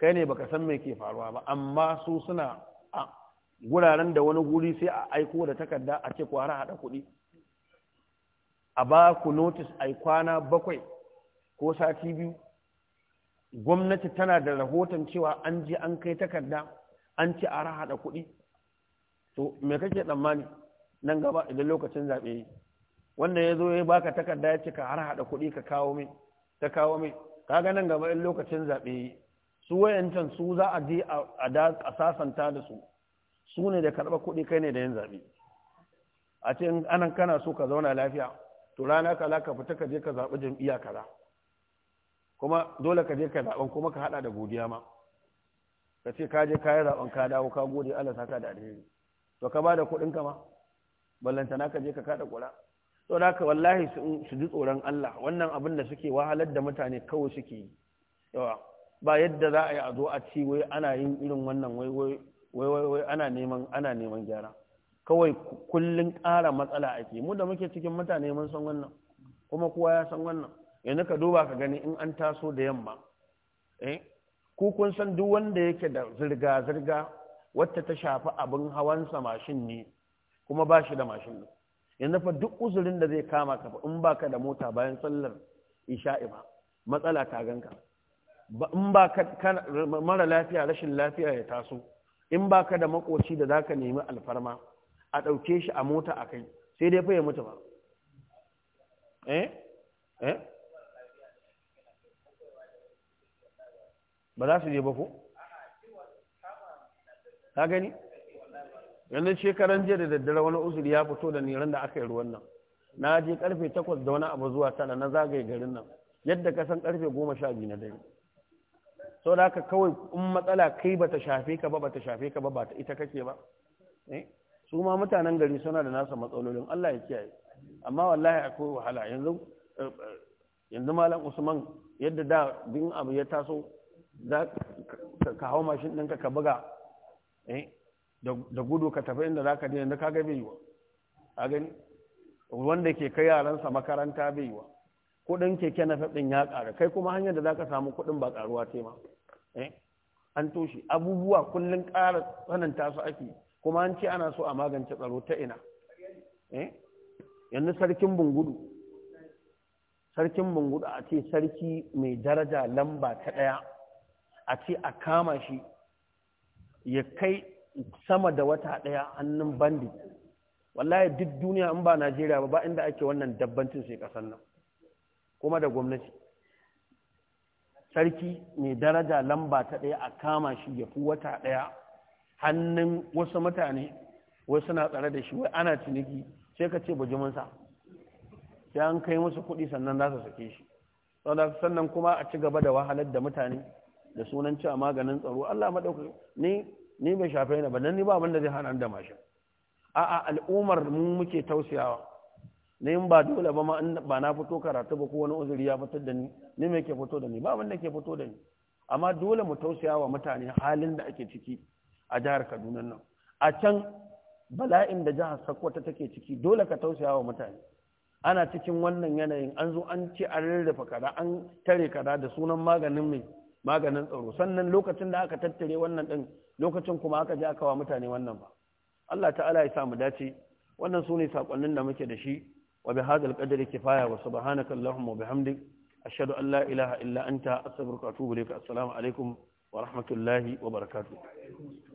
kai ne baka san mai ke faruwa ba amma su suna a guraren da wani guri sai a aiko da takarda a ce kwara hada kuɗi a ba ku notis ai kwana bakwai ko sati biyu gwamnati tana da rahoton cewa an je an kai takarda an ci a rahada kuɗi to me kake tsammani nan gaba idan lokacin zaɓe yi wannan ya zo ya baka takarda ya ce ka har haɗa kuɗi ka kawo mai ta kawo mai kaga nan gaba in lokacin zaɓe su wayancan su za a je a sasanta da su su ne da karɓar kuɗi kai ne da yin zaɓe a ce in anan kana so ka zauna lafiya to rana kaza ka fita ka je ka zaɓi jam'iyya kaza kuma dole ka je ka zaɓen kuma ka haɗa da godiya ma ka ce ka je ka yi zaɓen ka dawo ka gode Allah saka da alheri to ka ba da kuɗin ka ma ballantana ka je ka kaɗa ƙura saboda ka wallahi su ji tsoron Allah wannan abin da suke wahalar da mutane kawai suke yi yawa ba yadda za a yi a zo a ci wai ana yin irin wannan wai wai wai ana neman ana neman gyara kawai kullun ƙara matsala ake mu da muke cikin mutane mun san wannan kuma kowa ya san wannan yanzu ka duba ka gani in an taso da yamma eh ku kun san duk wanda yake da zirga zirga wacce ta shafi abin hawansa mashin ne kuma ba shi da mashin ne yanzu fa duk uzurin da zai kama ka in baka da mota bayan sallar isha'i ba matsala ta ganka in ba mara lafiya rashin lafiya ya taso in ba ka da makoci da za ka nemi alfarma a ɗauke shi a mota a kai sai dai fa ya mutu ba eh eh ba za su je ba ko ka gani yanzu shekaran jiya da daddare wani uzuri ya fito da niran da aka yi ruwan nan na je karfe takwas da wani abu zuwa tara na zagaye garin nan yadda ka san karfe goma sha biyu na dare sau da aka kawai in matsala kai bata shafe ka ba bata shafe ka ba ba ita kake ba eh? su ma mutanen gari suna da nasa matsalolin Allah ya kiyaye amma wallahi akwai wahala yanzu eh, eh, yanzu malam usman yadda da bin abu ya taso za ka hau mashin ɗinka ka buga da gudu ka tafi inda za ka je yanzu kaga bai yiwa a gani wanda ke kai yaransa makaranta bai yiwa kuɗin keke na faɗin ya ƙara kai kuma hanyar da za ka samu kuɗin ba ƙaruwa ce ma eh? an toshe abubuwa kullum ƙara tsananta su ake kuma an ce ana so a magance tsaro ta ina eh? yanzu sarkin bungudu sarkin bungudu a ce sarki mai daraja lamba ta ɗaya a ce a kama shi ya kai sama da wata ɗaya hannun bandi wallahi duk duniya in ba najeriya ba ba inda ake wannan dabbancin sai ƙasar nan kuma da gwamnati sarki mai daraja lamba ta ɗaya a kama shi ya fi wata ɗaya hannun wasu mutane wasu na tsare da shi wai ana ciniki sai ka ce bujiminsa sai an kai musu kuɗi sannan za su sake shi sannan kuma a ci gaba da wahalar da mutane da sunan cewa maganin tsaro Allah maɗauki ni ni bai shafe ni ba ni ba wanda zai hana da mashin a'a al'ummar mu muke tausayawa Ni ba dole ba ma ba na fito karatu ba ko wani uzuri ya fitar da ni ni me ke fito da ni ba wanda ke fito da ni amma dole mu tausaya mutane halin da ake ciki a jihar Kaduna nan a can bala'in da jihar Sokoto take ciki dole ka tausaya mutane ana cikin wannan yanayin an zo an ce an rarrafa kada an tare kada da sunan maganin mai maganin tsaro sannan lokacin da aka tattare wannan din lokacin kuma aka ji aka wa mutane wannan ba Allah ta'ala ya samu dace wannan sune sakonnin da muke da shi wa bi hadzal qadri kifaya wa subhanaka allahumma wa bihamdik ashhadu an la ilaha illa anta astaghfiruka wa atubu ilaik assalamu alaikum wa rahmatullahi wa barakatuh